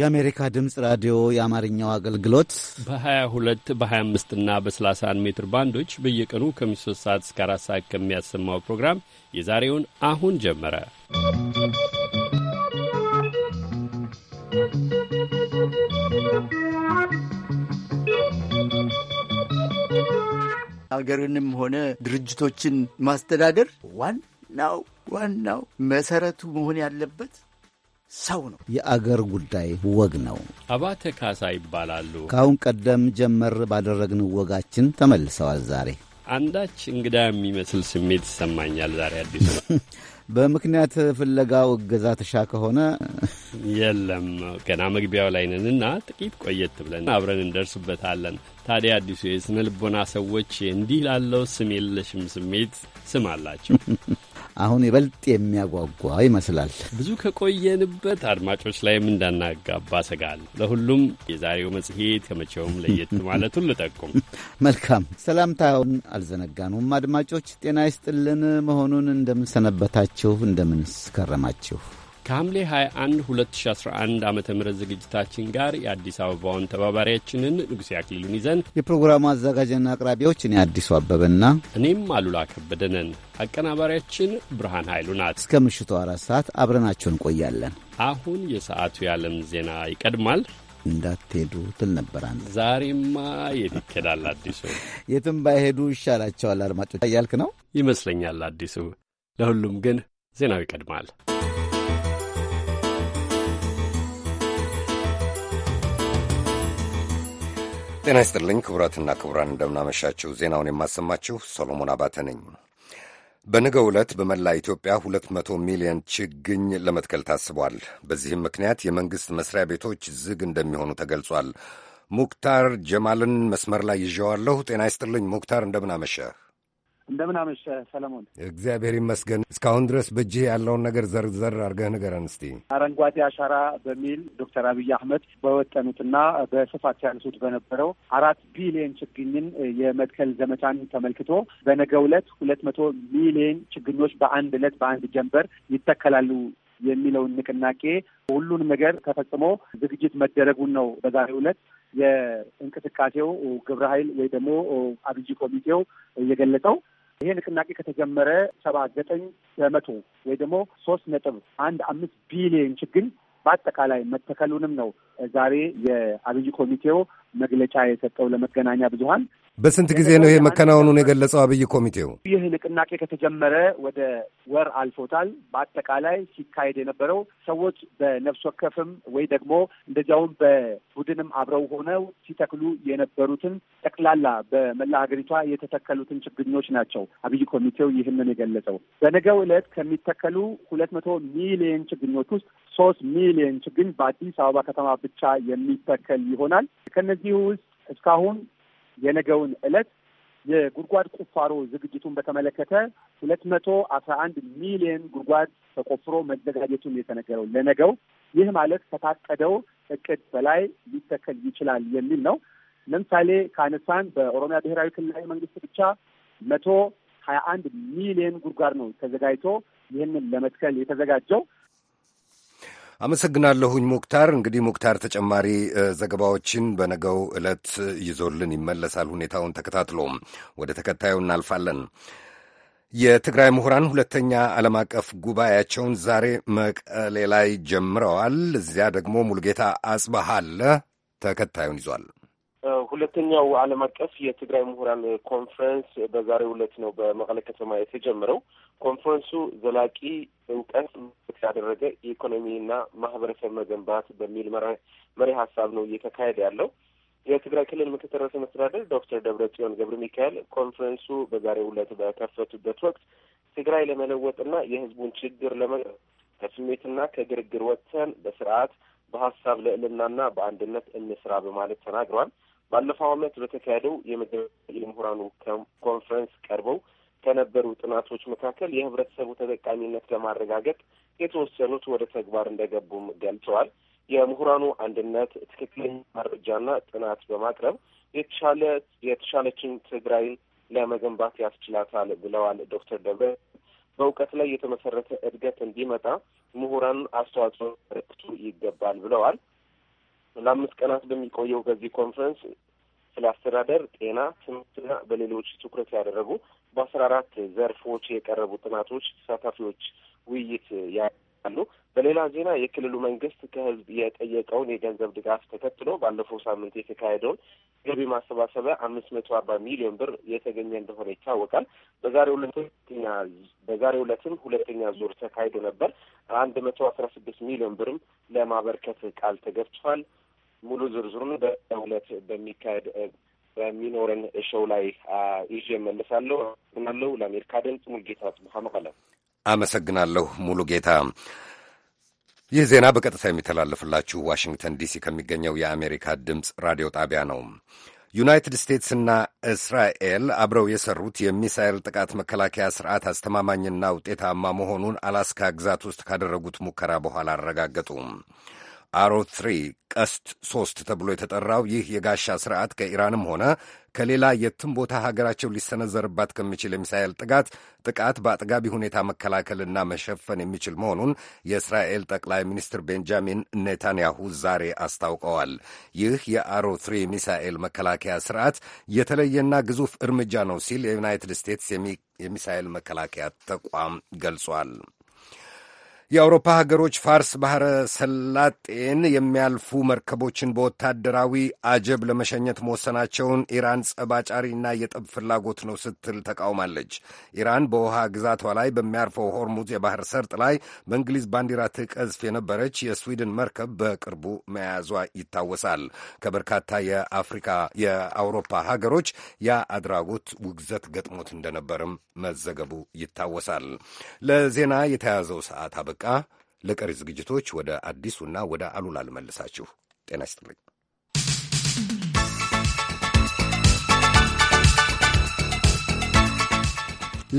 የአሜሪካ ድምፅ ራዲዮ የአማርኛው አገልግሎት በ22 በ25 እና በ31 ሜትር ባንዶች በየቀኑ ከ3 ሰዓት እስከ 4 ሰዓት ከሚያሰማው ፕሮግራም የዛሬውን አሁን ጀመረ። ሀገርንም ሆነ ድርጅቶችን ማስተዳደር ዋናው ዋናው መሰረቱ መሆን ያለበት ሰው ነው። የአገር ጉዳይ ወግ ነው። አባተ ካሳ ይባላሉ። ከአሁን ቀደም ጀመር ባደረግን ወጋችን ተመልሰዋል። ዛሬ አንዳች እንግዳ የሚመስል ስሜት ይሰማኛል። ዛሬ አዲሱ በምክንያት ፍለጋው እገዛ ተሻ ከሆነ የለም ገና መግቢያው ላይ ነንና ጥቂት ቆየት ብለን አብረን እንደርስበታለን። ታዲያ አዲሱ የስነ ልቦና ሰዎች እንዲህ ላለው ስም የለሽም ስሜት ስም አላቸው። አሁን ይበልጥ የሚያጓጓ ይመስላል። ብዙ ከቆየንበት አድማጮች ላይም እንዳናጋባ ሰጋል። ለሁሉም የዛሬው መጽሔት ከመቼውም ለየት ማለቱን ልጠቁም። መልካም ሰላምታውን አልዘነጋኑም። አድማጮች ጤና ይስጥልን መሆኑን እንደምንሰነበታችሁ፣ እንደምንስከረማችሁ ከሐምሌ 21 2011 ዓ ም ዝግጅታችን ጋር የአዲስ አበባውን ተባባሪያችንን ንጉሥ ያክሊሉን ይዘን የፕሮግራሙ አዘጋጅና አቅራቢዎች እኔ አዲሱ አበበና እኔም አሉላ ከበደነን አቀናባሪያችን ብርሃን ኃይሉ ናት። እስከ ምሽቱ አራት ሰዓት አብረናቸው እንቆያለን። አሁን የሰዓቱ የዓለም ዜና ይቀድማል። እንዳትሄዱ ትል ነበራን። ዛሬማ የት ይኬዳል? አዲሱ የትም ባይሄዱ ይሻላቸዋል አድማጮች እያልክ ነው ይመስለኛል። አዲሱ ለሁሉም ግን ዜናው ይቀድማል። ጤና ይስጥልኝ ክቡራትና ክቡራን፣ እንደምናመሻችሁ። ዜናውን የማሰማችሁ ሰሎሞን አባተ ነኝ። በነገ ዕለት በመላ ኢትዮጵያ 200 ሚሊዮን ችግኝ ለመትከል ታስቧል። በዚህም ምክንያት የመንግሥት መስሪያ ቤቶች ዝግ እንደሚሆኑ ተገልጿል። ሙክታር ጀማልን መስመር ላይ ይዣዋለሁ። ጤና ይስጥልኝ ሙክታር፣ እንደምን እንደምን አመሸ ሰለሞን። እግዚአብሔር ይመስገን። እስካሁን ድረስ በእጅህ ያለውን ነገር ዘርዘር አድርገህ ንገረን እስቲ። አረንጓዴ አሻራ በሚል ዶክተር አብይ አህመድ በወጠኑትና በስፋት ሲያነሱት በነበረው አራት ቢሊዮን ችግኝን የመትከል ዘመቻን ተመልክቶ በነገ ዕለት ሁለት መቶ ሚሊዮን ችግኞች በአንድ ዕለት በአንድ ጀንበር ይተከላሉ የሚለውን ንቅናቄ ሁሉን ነገር ተፈጽሞ ዝግጅት መደረጉን ነው በዛሬው ዕለት የእንቅስቃሴው ግብረ ኃይል ወይ ደግሞ አብይ ኮሚቴው እየገለጸው። ይሄ ንቅናቄ ከተጀመረ ሰባ ዘጠኝ በመቶ ወይ ደግሞ ሶስት ነጥብ አንድ አምስት ቢሊዮን ችግኝ በአጠቃላይ መተከሉንም ነው ዛሬ የአብይ ኮሚቴው መግለጫ የሰጠው ለመገናኛ ብዙኃን በስንት ጊዜ ነው ይሄ መከናወኑን የገለጸው አብይ ኮሚቴው? ይህ ንቅናቄ ከተጀመረ ወደ ወር አልፎታል። በአጠቃላይ ሲካሄድ የነበረው ሰዎች በነፍስ ወከፍም ወይ ደግሞ እንደዚያውም በቡድንም አብረው ሆነው ሲተክሉ የነበሩትን ጠቅላላ በመላ ሀገሪቷ የተተከሉትን ችግኞች ናቸው አብይ ኮሚቴው ይህንን የገለጸው። በነገው ዕለት ከሚተከሉ ሁለት መቶ ሚሊየን ችግኞች ውስጥ ሶስት ሚሊየን ችግኝ በአዲስ አበባ ከተማ ብቻ የሚተከል ይሆናል። ከነዚህ ውስጥ እስካሁን የነገውን ዕለት የጉድጓድ ቁፋሮ ዝግጅቱን በተመለከተ ሁለት መቶ አስራ አንድ ሚሊየን ጉድጓድ ተቆፍሮ መዘጋጀቱን የተነገረው ለነገው። ይህ ማለት ከታቀደው እቅድ በላይ ሊተከል ይችላል የሚል ነው። ለምሳሌ ከአነሳን በኦሮሚያ ብሔራዊ ክልላዊ መንግስት ብቻ መቶ ሀያ አንድ ሚሊየን ጉድጓድ ነው ተዘጋጅቶ ይህንን ለመትከል የተዘጋጀው። አመሰግናለሁኝ ሙክታር። እንግዲህ ሙክታር ተጨማሪ ዘገባዎችን በነገው ዕለት ይዞልን ይመለሳል። ሁኔታውን ተከታትሎ ወደ ተከታዩ እናልፋለን። የትግራይ ምሁራን ሁለተኛ ዓለም አቀፍ ጉባኤያቸውን ዛሬ መቀሌ ላይ ጀምረዋል። እዚያ ደግሞ ሙልጌታ አጽበሃለ አለ፣ ተከታዩን ይዟል። ሁለተኛው ዓለም አቀፍ የትግራይ ምሁራን ኮንፈረንስ በዛሬው ዕለት ነው በመቀለ ከተማ የተጀመረው። ኮንፈረንሱ ዘላቂ እውቀት ያደረገ የኢኮኖሚና ማህበረሰብ መገንባት በሚል መሪ ሀሳብ ነው እየተካሄደ ያለው። የትግራይ ክልል ምክትል ርዕሰ መስተዳደር ዶክተር ደብረ ጽዮን ገብረ ሚካኤል ኮንፈረንሱ በዛሬው ዕለት በከፈቱበት ወቅት ትግራይ ለመለወጥና የህዝቡን ችግር ለመ ከስሜትና ከግርግር ወጥተን በስርዓት በሀሳብ ልዕልናና በአንድነት እንስራ በማለት ተናግሯል። ባለፈው ዓመት በተካሄደው የመደበ የምሁራኑ ኮንፈረንስ ቀርበው ከነበሩ ጥናቶች መካከል የህብረተሰቡ ተጠቃሚነት ለማረጋገጥ የተወሰኑት ወደ ተግባር እንደገቡም ገልጸዋል። የምሁራኑ አንድነት ትክክለኛ መረጃና ጥናት በማቅረብ የተሻለ የተሻለችን ትግራይን ለመገንባት ያስችላታል ብለዋል ዶክተር ደብረ በእውቀት ላይ የተመሰረተ እድገት እንዲመጣ ምሁራን አስተዋጽኦ ረክቱ ይገባል ብለዋል። ለአምስት ቀናት በሚቆየው በዚህ ኮንፈረንስ ስለ አስተዳደር፣ ጤና፣ ትምህርትና በሌሎች ትኩረት ያደረጉ በአስራ አራት ዘርፎች የቀረቡ ጥናቶች ተሳታፊዎች ውይይት ያሉ። በሌላ ዜና የክልሉ መንግስት ከህዝብ የጠየቀውን የገንዘብ ድጋፍ ተከትሎ ባለፈው ሳምንት የተካሄደውን ገቢ ማሰባሰቢያ አምስት መቶ አርባ ሚሊዮን ብር የተገኘ እንደሆነ ይታወቃል። በዛሬው ሁለተኛ በዛሬው ዕለትም ሁለተኛ ዙር ተካሂዶ ነበር። አንድ መቶ አስራ ስድስት ሚሊዮን ብርም ለማበርከት ቃል ተገብቷል። ሙሉ ዝርዝሩን በእውነት በሚካሄድ በሚኖረን ሸው ላይ ይዤ እመልሳለሁ። አመሰግናለሁ። ለአሜሪካ ድምፅ ሙሉጌታ ጽቡሃ መቀለ። አመሰግናለሁ ሙሉ ጌታ። ይህ ዜና በቀጥታ የሚተላለፍላችሁ ዋሽንግተን ዲሲ ከሚገኘው የአሜሪካ ድምፅ ራዲዮ ጣቢያ ነው። ዩናይትድ ስቴትስና እስራኤል አብረው የሰሩት የሚሳኤል ጥቃት መከላከያ ስርዓት አስተማማኝና ውጤታማ መሆኑን አላስካ ግዛት ውስጥ ካደረጉት ሙከራ በኋላ አረጋገጡ። አሮ ትሪ ቀስት ሶስት ተብሎ የተጠራው ይህ የጋሻ ስርዓት ከኢራንም ሆነ ከሌላ የትም ቦታ ሀገራቸው ሊሰነዘርባት ከሚችል የሚሳኤል ጥቃት ጥቃት በአጥጋቢ ሁኔታ መከላከልና መሸፈን የሚችል መሆኑን የእስራኤል ጠቅላይ ሚኒስትር ቤንጃሚን ኔታንያሁ ዛሬ አስታውቀዋል። ይህ የአሮ ትሪ ሚሳኤል መከላከያ ስርዓት የተለየና ግዙፍ እርምጃ ነው ሲል የዩናይትድ ስቴትስ የሚሳኤል መከላከያ ተቋም ገልጿል። የአውሮፓ ሀገሮች ፋርስ ባሕረ ሰላጤን የሚያልፉ መርከቦችን በወታደራዊ አጀብ ለመሸኘት መወሰናቸውን ኢራን ጸባጫሪና የጠብ ፍላጎት ነው ስትል ተቃውማለች። ኢራን በውሃ ግዛቷ ላይ በሚያርፈው ሆርሙዝ የባህር ሰርጥ ላይ በእንግሊዝ ባንዲራ ትቀዝፍ የነበረች የስዊድን መርከብ በቅርቡ መያዟ ይታወሳል። ከበርካታ የአፍሪካ የአውሮፓ ሀገሮች ያ አድራጎት ውግዘት ገጥሞት እንደነበርም መዘገቡ ይታወሳል። ለዜና የተያዘው ሰዓት አበ ካበቃ ለቀሪ ዝግጅቶች ወደ አዲሱና ወደ አሉላ ልመልሳችሁ። ጤና ይስጥልኝ።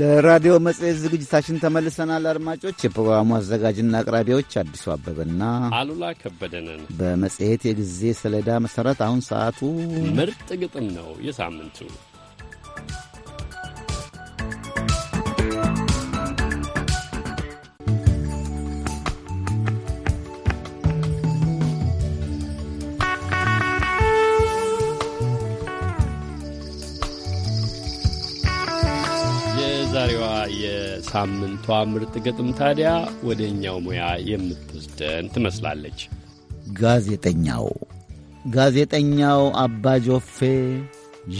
ለራዲዮ መጽሔት ዝግጅታችን ተመልሰናል። አድማጮች፣ የፕሮግራሙ አዘጋጅና አቅራቢዎች አዲሱ አበበና አሉላ ከበደንን በመጽሔት የጊዜ ሰሌዳ መሠረት አሁን ሰዓቱ ምርጥ ግጥም ነው። የሳምንቱ ሳምንቷ ምርጥ ግጥም ታዲያ ወደ እኛው ሙያ የምትወስደን ትመስላለች። ጋዜጠኛው ጋዜጠኛው አባ ጆፌ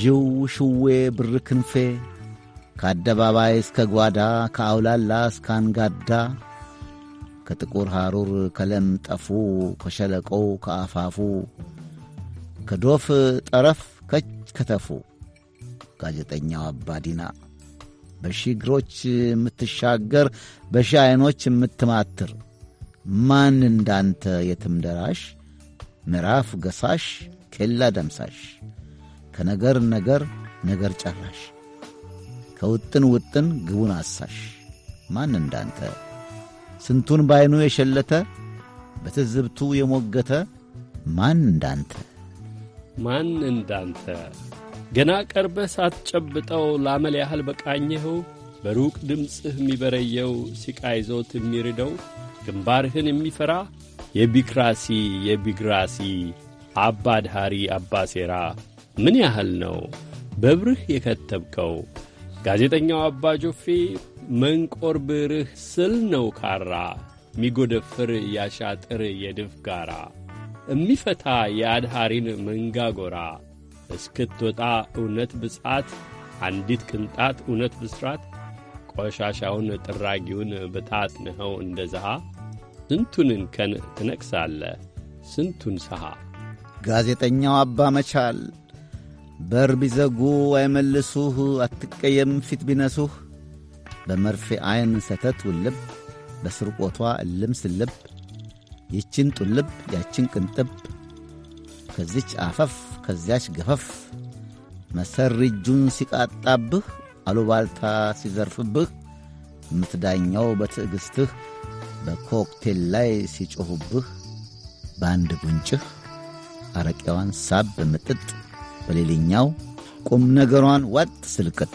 ዥው ሽዌ ብር ክንፌ ከአደባባይ እስከ ጓዳ ከአውላላ እስከ አንጋዳ ከጥቁር ሐሩር ጠፉ ከሸለቆው ከአፋፉ ከዶፍ ጠረፍ ከች ከተፉ ጋዜጠኛው አባዲና በሺ እግሮች የምትሻገር በሺ ዐይኖች የምትማትር ማን እንዳንተ የትም ደራሽ ምዕራፍ ገሳሽ ኬላ ደምሳሽ ከነገር ነገር ነገር ጨራሽ ከውጥን ውጥን ግቡን አሳሽ ማን እንዳንተ ስንቱን ባይኑ የሸለተ በትዝብቱ የሞገተ ማን እንዳንተ ማን እንዳንተ ገና ቀርበህ ሳትጨብጠው ላመል ያህል በቃኘኸው በሩቅ ድምፅህ የሚበረየው ሲቃ ይዞት የሚርደው ግንባርህን የሚፈራ የቢክራሲ የቢግራሲ አባ ድሃሪ አባ ሴራ ምን ያህል ነው በብርህ የከተብከው ጋዜጠኛው አባ ጆፌ መንቆር ብርህ ስል ነው ካራ የሚጎደፍር ያሻጥር የድፍ ጋራ የሚፈታ የአድሃሪን መንጋጎራ እስክትወጣ እውነት ብጻት አንዲት ቅንጣት እውነት ብስራት፣ ቆሻሻውን ጥራጊውን በጣጥንኸው እንደ ዘሃ፣ ስንቱን እንከን ትነቅሳለ ስንቱን ሰሃ። ጋዜጠኛው አባ መቻል በር ቢዘጉ አይመልሱህ፣ አትቀየም ፊት ቢነሱህ፣ በመርፌ ዐይን ሰተት ውልብ፣ በስርቆቷ እልም ስልብ፣ ይችን ጡልብ ያችን ቅንጥብ ከዚች አፈፍ ከዚያች ገፈፍ እጁን ሲቃጣብህ አሉባልታ ሲዘርፍብህ የምትዳኘው በትዕግሥትህ በኮክቴል ላይ ሲጮኹብህ በአንድ ጉንጭህ አረቄዋን ሳብ ምጥጥ በሌላኛው ቁም ነገሯን ዋጥ ስልቅጥ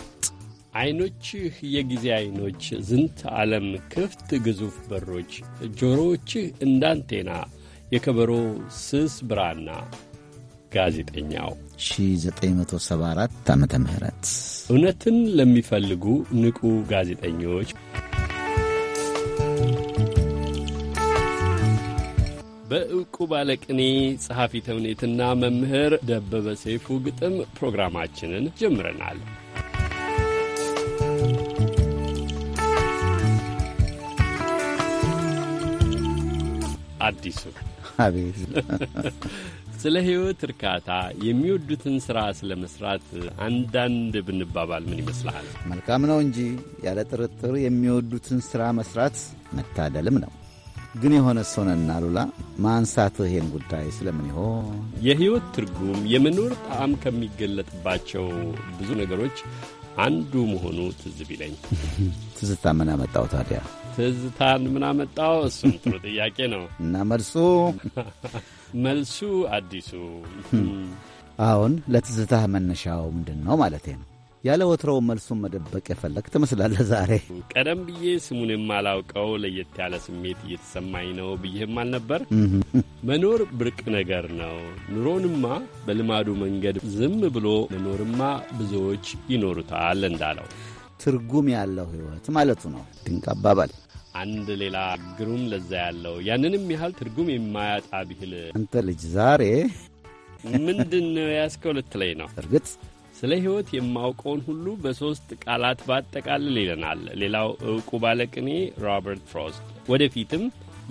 ዐይኖችህ የጊዜ ዐይኖች ዝንት ዓለም ክፍት ግዙፍ በሮች ጆሮዎችህ እንዳንቴና የከበሮ ስስ ብራና ጋዜጠኛው 1974 ዓ ም እውነትን ለሚፈልጉ ንቁ ጋዜጠኞች በእውቁ ባለቅኔ ጸሐፊ ተውኔትና መምህር ደበበ ሰይፉ ግጥም ፕሮግራማችንን ጀምረናል። አዲሱ አቤት ስለ ሕይወት እርካታ የሚወዱትን ሥራ ስለ መሥራት አንዳንድ ብንባባል ምን ይመስልሃል? መልካም ነው እንጂ ያለ ጥርጥር የሚወዱትን ሥራ መሥራት መታደልም ነው። ግን የሆነ ሰውነና ሉላ ማንሳት ይህን ጉዳይ ስለምን ይሆን? የሕይወት ትርጉም የመኖር ጣዕም ከሚገለጥባቸው ብዙ ነገሮች አንዱ መሆኑ ትዝ ቢለኝ። ትዝታ ምን አመጣው ታዲያ? ትዝታን ምን አመጣው? እሱም ጥሩ ጥያቄ ነው እና መልሱ መልሱ አዲሱ አሁን ለትዝታህ መነሻው ምንድን ነው ማለት ነው? ያለ ወትሮው መልሱን መደበቅ የፈለግ ትመስላለህ ዛሬ። ቀደም ብዬ ስሙን የማላውቀው ለየት ያለ ስሜት እየተሰማኝ ነው ብዬህም አልነበር። መኖር ብርቅ ነገር ነው። ኑሮንማ በልማዱ መንገድ ዝም ብሎ መኖርማ ብዙዎች ይኖሩታል እንዳለው ትርጉም ያለው ሕይወት ማለቱ ነው። ድንቅ አባባል። አንድ ሌላ ግሩም ለዛ ያለው ያንንም ያህል ትርጉም የማያጣ ብሂል አንተ ልጅ ዛሬ ምንድን ነው ያስከው ልትለይ ነው? እርግጥ ስለ ሕይወት የማውቀውን ሁሉ በሦስት ቃላት ባጠቃልል ይለናል ሌላው ዕውቁ ባለቅኔ ሮበርት ፍሮስት። ወደፊትም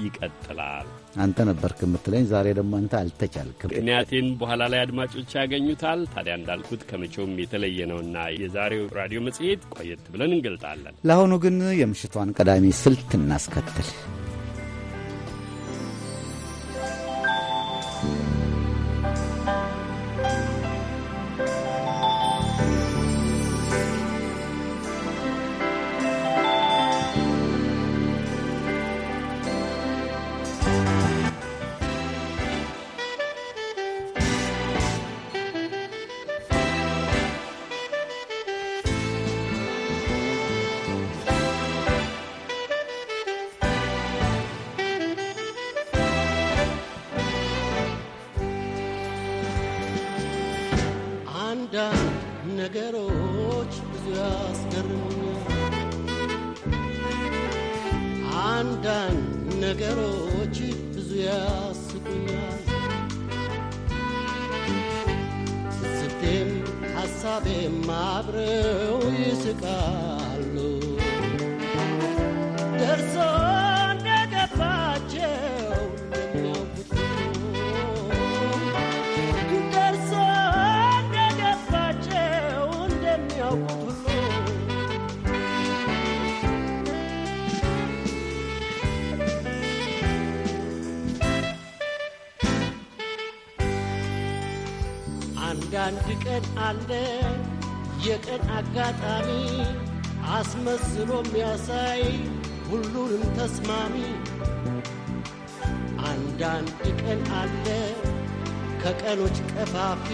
ይቀጥላል። አንተ ነበርክ የምትለኝ። ዛሬ ደግሞ አንተ አልተቻልክም። ምክንያቴን በኋላ ላይ አድማጮች ያገኙታል። ታዲያ እንዳልኩት ከመቼውም የተለየ ነውና የዛሬው ራዲዮ መጽሔት ቆየት ብለን እንገልጣለን። ለአሁኑ ግን የምሽቷን ቀዳሚ ስልት እናስከትል። አንድ ቀን አለ የቀን አጋጣሚ አስመስሎ የሚያሳይ ሁሉንም ተስማሚ። አንዳንድ ቀን አለ ከቀኖች ቀፋፊ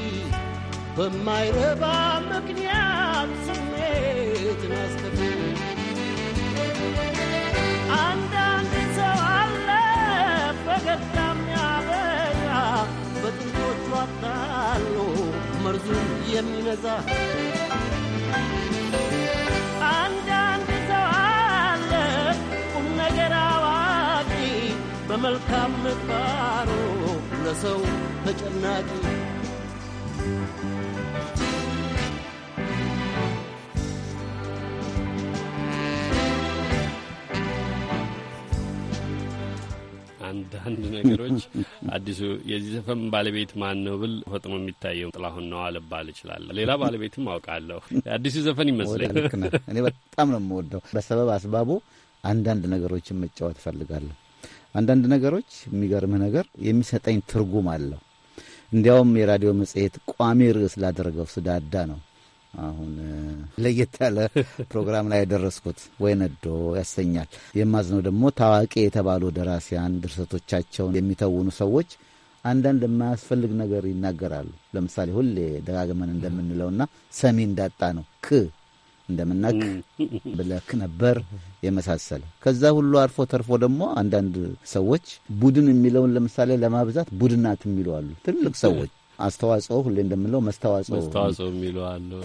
በማይረባ ምክንያት መርዙ የሚነዛ አንዳንድ ሰው አለ ቁም ነገር አዋቂ በመልካም ምግባሩ ለሰው ተጨናቂ አንዳንድ ነገሮች አዲሱ የዚህ ዘፈን ባለቤት ማን ነው ብል ፈጥኖ የሚታየው ጥላሁን ነው አልባል እችላለሁ። ሌላ ባለቤትም አውቃለሁ። አዲሱ ዘፈን ይመስለኝ። እኔ በጣም ነው የምወደው። በሰበብ አስባቡ አንዳንድ ነገሮችን መጫወት እፈልጋለሁ። አንዳንድ ነገሮች የሚገርምህ ነገር የሚሰጠኝ ትርጉም አለው። እንዲያውም የራዲዮ መጽሔት ቋሚ ርዕስ ላደረገው ስዳዳ ነው አሁን ለየት ያለ ፕሮግራም ላይ ያደረስኩት ወይ ነዶ ያሰኛል። የማዝነው ደግሞ ታዋቂ የተባሉ ደራሲያን ድርሰቶቻቸውን የሚተውኑ ሰዎች አንዳንድ የማያስፈልግ ነገር ይናገራሉ። ለምሳሌ ሁሌ ደጋግመን እንደምንለውና ሰሚ እንዳጣ ነው ክ እንደምናክ ብለክ ነበር የመሳሰለ ከዛ ሁሉ አርፎ ተርፎ ደግሞ አንዳንድ ሰዎች ቡድን የሚለውን ለምሳሌ ለማብዛት ቡድናት የሚለዋሉ ትልቅ ሰዎች አስተዋጽኦ ሁሌ እንደምንለው መስተዋጽኦ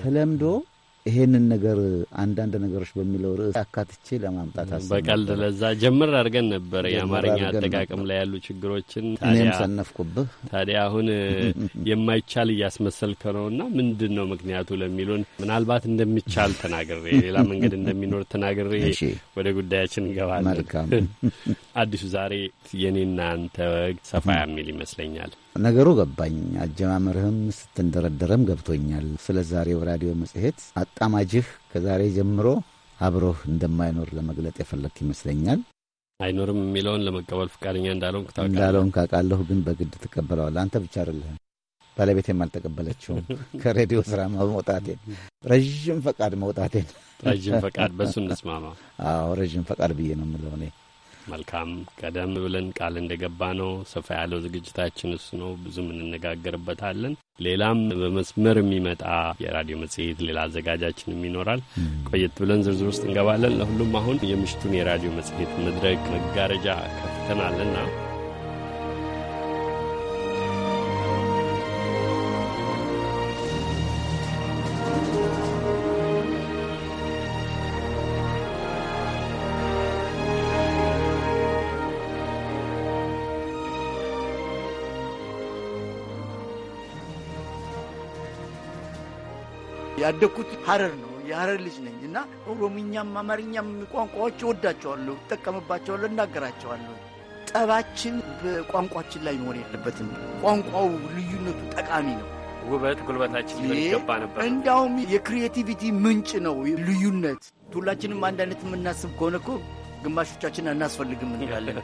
ተለምዶ ይሄንን ነገር አንዳንድ ነገሮች በሚለው ርዕስ አካትቼ ለማምጣት አስ በቀልድ ለዛ ጀምር አድርገን ነበር የአማርኛ አጠቃቀም ላይ ያሉ ችግሮችን እኔም ሰነፍኩብህ። ታዲያ አሁን የማይቻል እያስመሰልከ እና ምንድን ነው ምክንያቱ ለሚሉን ምናልባት እንደሚቻል ተናግሬ ሌላ መንገድ እንደሚኖር ተናግሬ ወደ ጉዳያችን እንገባለን። መልካም አዲሱ ዛሬ የኔና አንተ ወግ ሰፋ የሚል ይመስለኛል። ነገሩ ገባኝ። አጀማመርህም ስትንደረደረም ገብቶኛል። ስለ ዛሬው ራዲዮ መጽሔት አጣማጅህ ከዛሬ ጀምሮ አብሮህ እንደማይኖር ለመግለጥ የፈለግክ ይመስለኛል። አይኖርም የሚለውን ለመቀበል ፍቃደኛ እንዳለውም እንዳለውም ካቃለሁ፣ ግን በግድ ትቀበለዋል። አንተ ብቻ አይደለህም፣ ባለቤቴም አልተቀበለችውም። ከሬዲዮ ስራ መውጣቴን ረዥም ፈቃድ መውጣቴን ረዥም ፈቃድ በሱ እንስማማ። አዎ ረዥም ፈቃድ ብዬ ነው የምለው እኔ መልካም ቀደም ብለን ቃል እንደገባ ነው ሰፋ ያለው ዝግጅታችን እሱ ነው። ብዙም እንነጋገርበታለን። ሌላም በመስመር የሚመጣ የራዲዮ መጽሔት ሌላ አዘጋጃችንም ይኖራል። ቆየት ብለን ዝርዝር ውስጥ እንገባለን። ለሁሉም አሁን የምሽቱን የራዲዮ መጽሔት መድረክ መጋረጃ ከፍተናልና ያደግኩት ሀረር ነው። የሀረር ልጅ ነኝ እና ኦሮምኛም አማርኛም ቋንቋዎች እወዳቸዋለሁ፣ እጠቀምባቸዋለሁ፣ እናገራቸዋለሁ። ጠባችን በቋንቋችን ላይ መሆን የለበትም። ቋንቋው ልዩነቱ ጠቃሚ ነው። ውበት ጉልበታችን ይገባ ነበር። እንዲያውም የክሪኤቲቪቲ ምንጭ ነው ልዩነት። ሁላችንም አንድ አይነት የምናስብ ከሆነ እኮ ግማሾቻችን አናስፈልግም እንላለን።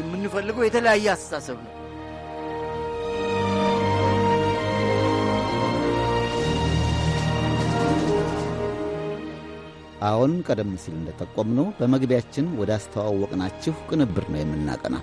የምንፈልገው የተለያየ አስተሳሰብ ነው። አሁን ቀደም ሲል እንደጠቆምነው በመግቢያችን ወደ አስተዋወቅናችሁ ቅንብር ነው የምናቀና።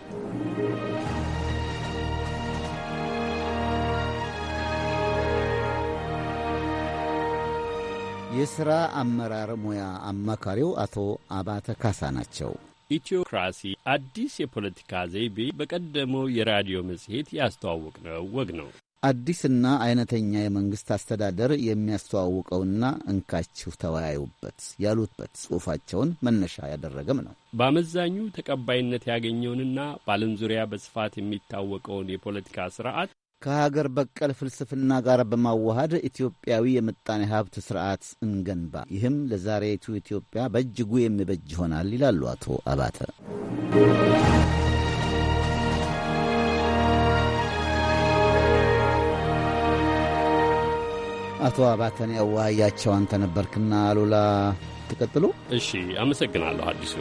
የሥራ አመራር ሙያ አማካሪው አቶ አባተ ካሳ ናቸው። ኢትዮክራሲ አዲስ የፖለቲካ ዘይቤ በቀደመው የራዲዮ መጽሔት ያስተዋወቅነው ወግ ነው። አዲስና አይነተኛ የመንግሥት አስተዳደር የሚያስተዋውቀውና እንካችሁ ተወያዩበት ያሉበት ጽሑፋቸውን መነሻ ያደረገም ነው። በአመዛኙ ተቀባይነት ያገኘውንና በዓለም ዙሪያ በስፋት የሚታወቀውን የፖለቲካ ስርዓት ከሀገር በቀል ፍልስፍና ጋር በማዋሃድ ኢትዮጵያዊ የምጣኔ ሀብት ስርዓት እንገንባ። ይህም ለዛሬቱ ኢትዮጵያ በእጅጉ የሚበጅ ይሆናል ይላሉ አቶ አባተ። አቶ አባተን ያዋያቸው አንተ ነበርክና አሉላ ትቀጥሉ። እሺ፣ አመሰግናለሁ አዲሱ።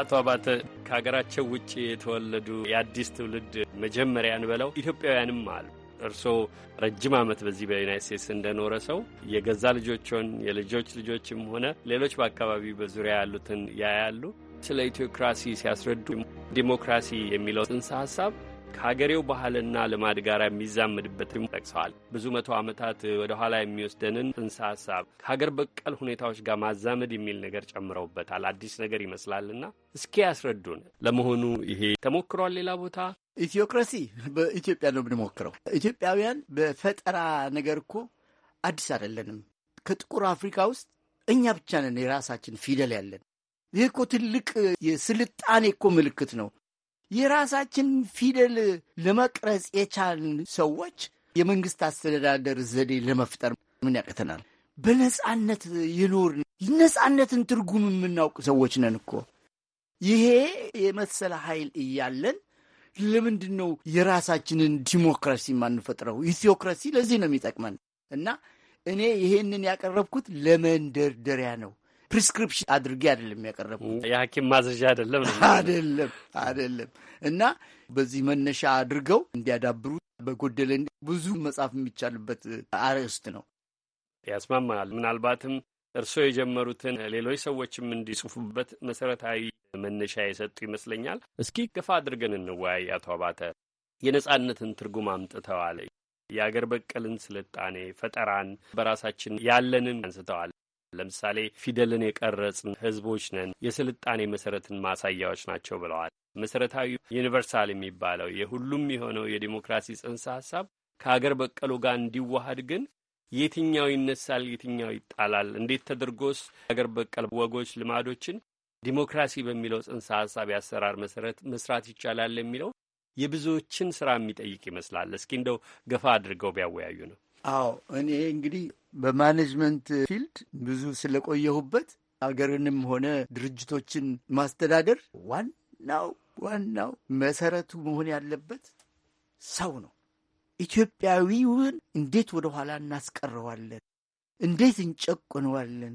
አቶ አባተ ከሀገራቸው ውጭ የተወለዱ የአዲስ ትውልድ መጀመሪያን ብለው ኢትዮጵያውያንም አሉ። እርስዎ ረጅም ዓመት በዚህ በዩናይት ስቴትስ እንደኖረ ሰው የገዛ ልጆችን የልጆች ልጆችም ሆነ ሌሎች በአካባቢው በዙሪያ ያሉትን ያያሉ። ስለ ኢትዮክራሲ ሲያስረዱ ዲሞክራሲ የሚለው ጽንሰ ሀሳብ ከሀገሬው ባህልና ልማድ ጋር የሚዛመድበትም ጠቅሰዋል። ብዙ መቶ ዓመታት ወደ ኋላ የሚወስደንን ጽንሰ ሀሳብ ከሀገር በቀል ሁኔታዎች ጋር ማዛመድ የሚል ነገር ጨምረውበታል። አዲስ ነገር ይመስላልና እስኪ ያስረዱን። ለመሆኑ ይሄ ተሞክሯል ሌላ ቦታ? ኢትዮክራሲ በኢትዮጵያ ነው የምንሞክረው። ኢትዮጵያውያን በፈጠራ ነገር እኮ አዲስ አይደለንም። ከጥቁር አፍሪካ ውስጥ እኛ ብቻ ነን የራሳችን ፊደል ያለን ይህ እኮ ትልቅ የስልጣኔ እኮ ምልክት ነው። የራሳችን ፊደል ለመቅረጽ የቻልን ሰዎች የመንግስት አስተዳደር ዘዴ ለመፍጠር ምን ያቅተናል? በነጻነት የኖርን ነጻነትን ትርጉም የምናውቅ ሰዎች ነን እኮ። ይሄ የመሰለ ኃይል እያለን ለምንድን ነው የራሳችንን ዲሞክራሲ የማንፈጥረው? ኢትዮክራሲ ለዚህ ነው የሚጠቅመን እና እኔ ይሄንን ያቀረብኩት ለመንደርደሪያ ነው። ፕሪስክሪፕሽን አድርጌ አይደለም ያቀረብኩት። የሐኪም ማዘዣ አይደለም አይደለም አይደለም። እና በዚህ መነሻ አድርገው እንዲያዳብሩ በጎደለ ብዙ መጽሐፍ የሚቻልበት አርዕስት ነው። ያስማማል። ምናልባትም እርስዎ የጀመሩትን ሌሎች ሰዎችም እንዲጽፉበት መሰረታዊ መነሻ የሰጡ ይመስለኛል። እስኪ ገፋ አድርገን እንወያይ። አቶ አባተ የነጻነትን ትርጉም አምጥተዋል። የአገር በቀልን ስልጣኔ ፈጠራን፣ በራሳችን ያለንን አንስተዋል። ለምሳሌ ፊደልን የቀረጽን ህዝቦች ነን፣ የስልጣኔ መሰረትን ማሳያዎች ናቸው ብለዋል። መሰረታዊ ዩኒቨርሳል የሚባለው የሁሉም የሆነው የዲሞክራሲ ጽንሰ ሀሳብ ከሀገር በቀሉ ጋር እንዲዋሃድ ግን የትኛው ይነሳል፣ የትኛው ይጣላል፣ እንዴት ተደርጎስ አገር በቀል ወጎች፣ ልማዶችን ዲሞክራሲ በሚለው ጽንሰ ሀሳብ የአሰራር መሰረት መስራት ይቻላል የሚለው የብዙዎችን ስራ የሚጠይቅ ይመስላል። እስኪ እንደው ገፋ አድርገው ቢያወያዩ ነው። አዎ እኔ እንግዲህ በማኔጅመንት ፊልድ ብዙ ስለቆየሁበት አገርንም ሆነ ድርጅቶችን ማስተዳደር ዋናው ዋናው መሰረቱ መሆን ያለበት ሰው ነው። ኢትዮጵያዊውን እንዴት ወደ ኋላ እናስቀረዋለን? እንዴት እንጨቁነዋለን?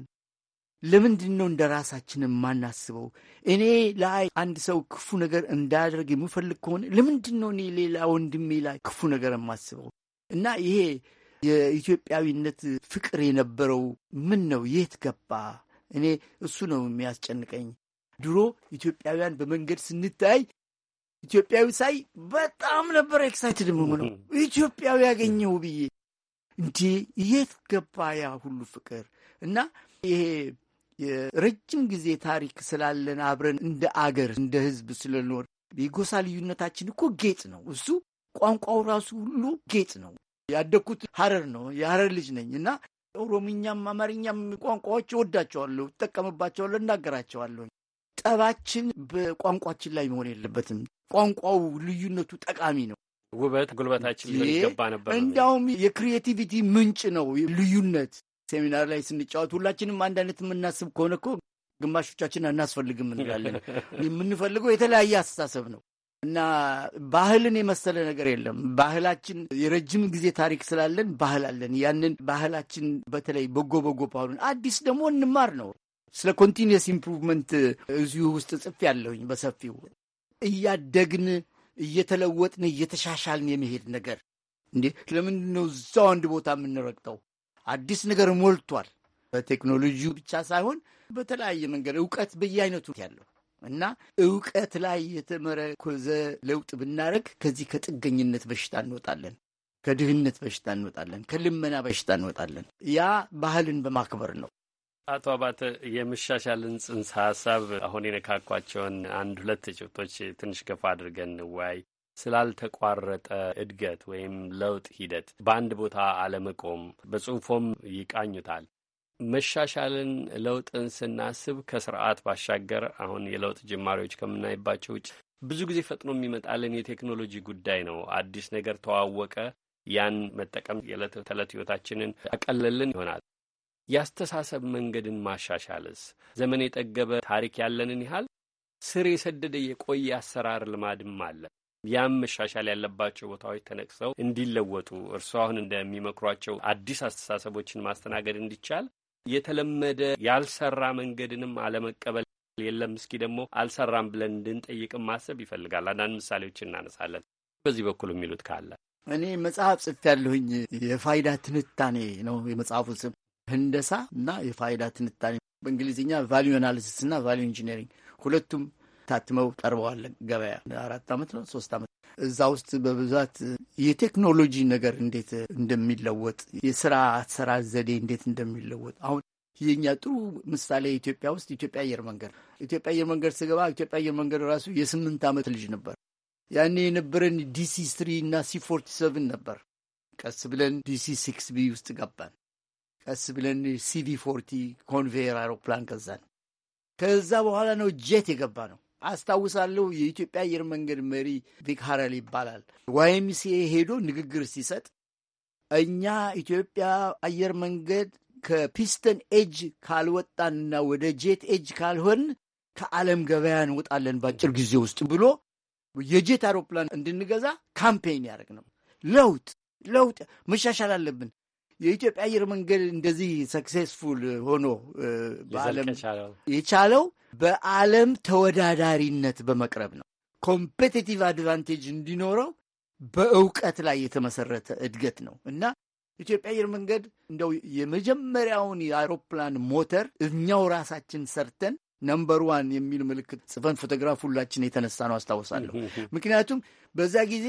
ለምንድን ነው እንደ ራሳችን የማናስበው? እኔ ላይ አንድ ሰው ክፉ ነገር እንዳያደርግ የምፈልግ ከሆነ ለምንድን ነው እኔ ሌላ ወንድሜ ላይ ክፉ ነገር የማስበው? እና ይሄ የኢትዮጵያዊነት ፍቅር የነበረው ምን ነው የት ገባ? እኔ እሱ ነው የሚያስጨንቀኝ። ድሮ ኢትዮጵያውያን በመንገድ ስንታይ ኢትዮጵያዊ ሳይ በጣም ነበር ኤክሳይትድ የምሆነው ኢትዮጵያዊ ያገኘው ብዬ እንዴ የት ገባ ያ ሁሉ ፍቅር እና ይሄ የረጅም ጊዜ ታሪክ ስላለን አብረን እንደ አገር እንደ ሕዝብ ስለኖር የጎሳ ልዩነታችን እኮ ጌጥ ነው። እሱ ቋንቋው ራሱ ሁሉ ጌጥ ነው። ያደግኩት ሀረር ነው። የሀረር ልጅ ነኝ እና ኦሮምኛም አማርኛም ቋንቋዎች እወዳቸዋለሁ፣ እጠቀምባቸዋለሁ፣ እናገራቸዋለሁ። ጠባችን በቋንቋችን ላይ መሆን የለበትም። ቋንቋው ልዩነቱ ጠቃሚ ነው። ውበት ጉልበታችን ይገባ ነበር። እንዲያውም የክሪኤቲቪቲ ምንጭ ነው ልዩነት። ሴሚናር ላይ ስንጫወት ሁላችንም አንድ አይነት የምናስብ ከሆነ እኮ ግማሾቻችን አናስፈልግም እንላለን። የምንፈልገው የተለያየ አስተሳሰብ ነው። እና ባህልን የመሰለ ነገር የለም። ባህላችን የረጅም ጊዜ ታሪክ ስላለን ባህል አለን። ያንን ባህላችን በተለይ በጎ በጎ ባህሉን አዲስ ደግሞ እንማር ነው። ስለ ኮንቲኒየስ ኢምፕሩቭመንት እዚሁ ውስጥ ጽፍ ያለሁኝ በሰፊው እያደግን እየተለወጥን እየተሻሻልን የመሄድ ነገር እንዴ፣ ለምንድን ነው እዛው አንድ ቦታ የምንረግጠው? አዲስ ነገር ሞልቷል። በቴክኖሎጂ ብቻ ሳይሆን በተለያየ መንገድ እውቀት በየአይነቱ ያለው እና እውቀት ላይ የተመረኮዘ ለውጥ ብናደረግ ከዚህ ከጥገኝነት በሽታ እንወጣለን፣ ከድህነት በሽታ እንወጣለን፣ ከልመና በሽታ እንወጣለን። ያ ባህልን በማክበር ነው። አቶ አባተ የመሻሻልን ጽንሰ ሀሳብ አሁን የነካኳቸውን አንድ ሁለት ጭብጦች ትንሽ ገፋ አድርገን እንወያይ። ስላልተቋረጠ እድገት ወይም ለውጥ ሂደት በአንድ ቦታ አለመቆም በጽሁፎም ይቃኙታል። መሻሻልን ለውጥን ስናስብ ከስርዓት ባሻገር አሁን የለውጥ ጅማሬዎች ከምናይባቸው ውጭ ብዙ ጊዜ ፈጥኖ የሚመጣልን የቴክኖሎጂ ጉዳይ ነው። አዲስ ነገር ተዋወቀ፣ ያን መጠቀም የዕለት ተዕለት ህይወታችንን አቀለልን ይሆናል። የአስተሳሰብ መንገድን ማሻሻልስ ዘመን የጠገበ ታሪክ ያለንን ያህል ስር የሰደደ የቆየ አሰራር ልማድም አለ። ያም መሻሻል ያለባቸው ቦታዎች ተነቅሰው እንዲለወጡ እርስዎ አሁን እንደሚመክሯቸው አዲስ አስተሳሰቦችን ማስተናገድ እንዲቻል የተለመደ ያልሰራ መንገድንም አለመቀበል የለም። እስኪ ደግሞ አልሰራም ብለን እንድንጠይቅም ማሰብ ይፈልጋል። አንዳንድ ምሳሌዎች እናነሳለን። በዚህ በኩል የሚሉት ካለ እኔ መጽሐፍ ያለሁኝ የፋይዳ ትንታኔ ነው የመጽሐፉ ስም፣ ህንደሳ እና የፋይዳ ትንታኔ በእንግሊዝኛ ቫሊዩ አናሊሲስ እና ቫሊዩ ኢንጂነሪንግ ሁለቱም ታትመው ቀርበዋል። ገበያ አራት ዓመት ነው ሶስት ዓመት እዛ ውስጥ በብዛት የቴክኖሎጂ ነገር እንዴት እንደሚለወጥ የስራ አሰራር ዘዴ እንዴት እንደሚለወጥ አሁን የኛ ጥሩ ምሳሌ ኢትዮጵያ ውስጥ ኢትዮጵያ አየር መንገድ ኢትዮጵያ አየር መንገድ ስገባ ኢትዮጵያ አየር መንገድ ራሱ የስምንት ዓመት ልጅ ነበር። ያኔ የነበረን ዲሲ ስሪ እና ሲ ፎርቲ ሰቨን ነበር። ቀስ ብለን ዲሲ ሲክስ ቢ ውስጥ ገባን። ቀስ ብለን ሲቪ ፎርቲ ኮንቬየር አውሮፕላን ገዛን። ከዛ በኋላ ነው ጄት የገባ ነው። አስታውሳለሁ። የኢትዮጵያ አየር መንገድ መሪ ቪክ ሀረል ይባላል። ዋይኤምሲኤ ሄዶ ንግግር ሲሰጥ እኛ ኢትዮጵያ አየር መንገድ ከፒስተን ኤጅ ካልወጣንና ወደ ጄት ኤጅ ካልሆን ከዓለም ገበያ እንወጣለን በአጭር ጊዜ ውስጥ ብሎ የጄት አውሮፕላን እንድንገዛ ካምፔን ያደርግ ነው። ለውጥ ለውጥ መሻሻል አለብን። የኢትዮጵያ አየር መንገድ እንደዚህ ሰክሴስፉል ሆኖ በዓለም የቻለው በዓለም ተወዳዳሪነት በመቅረብ ነው። ኮምፔቲቲቭ አድቫንቴጅ እንዲኖረው በእውቀት ላይ የተመሰረተ እድገት ነው እና ኢትዮጵያ አየር መንገድ እንደው የመጀመሪያውን የአውሮፕላን ሞተር እኛው ራሳችን ሰርተን ነምበር ዋን የሚል ምልክት ጽፈን ፎቶግራፍ ሁላችን የተነሳ ነው አስታውሳለሁ። ምክንያቱም በዛ ጊዜ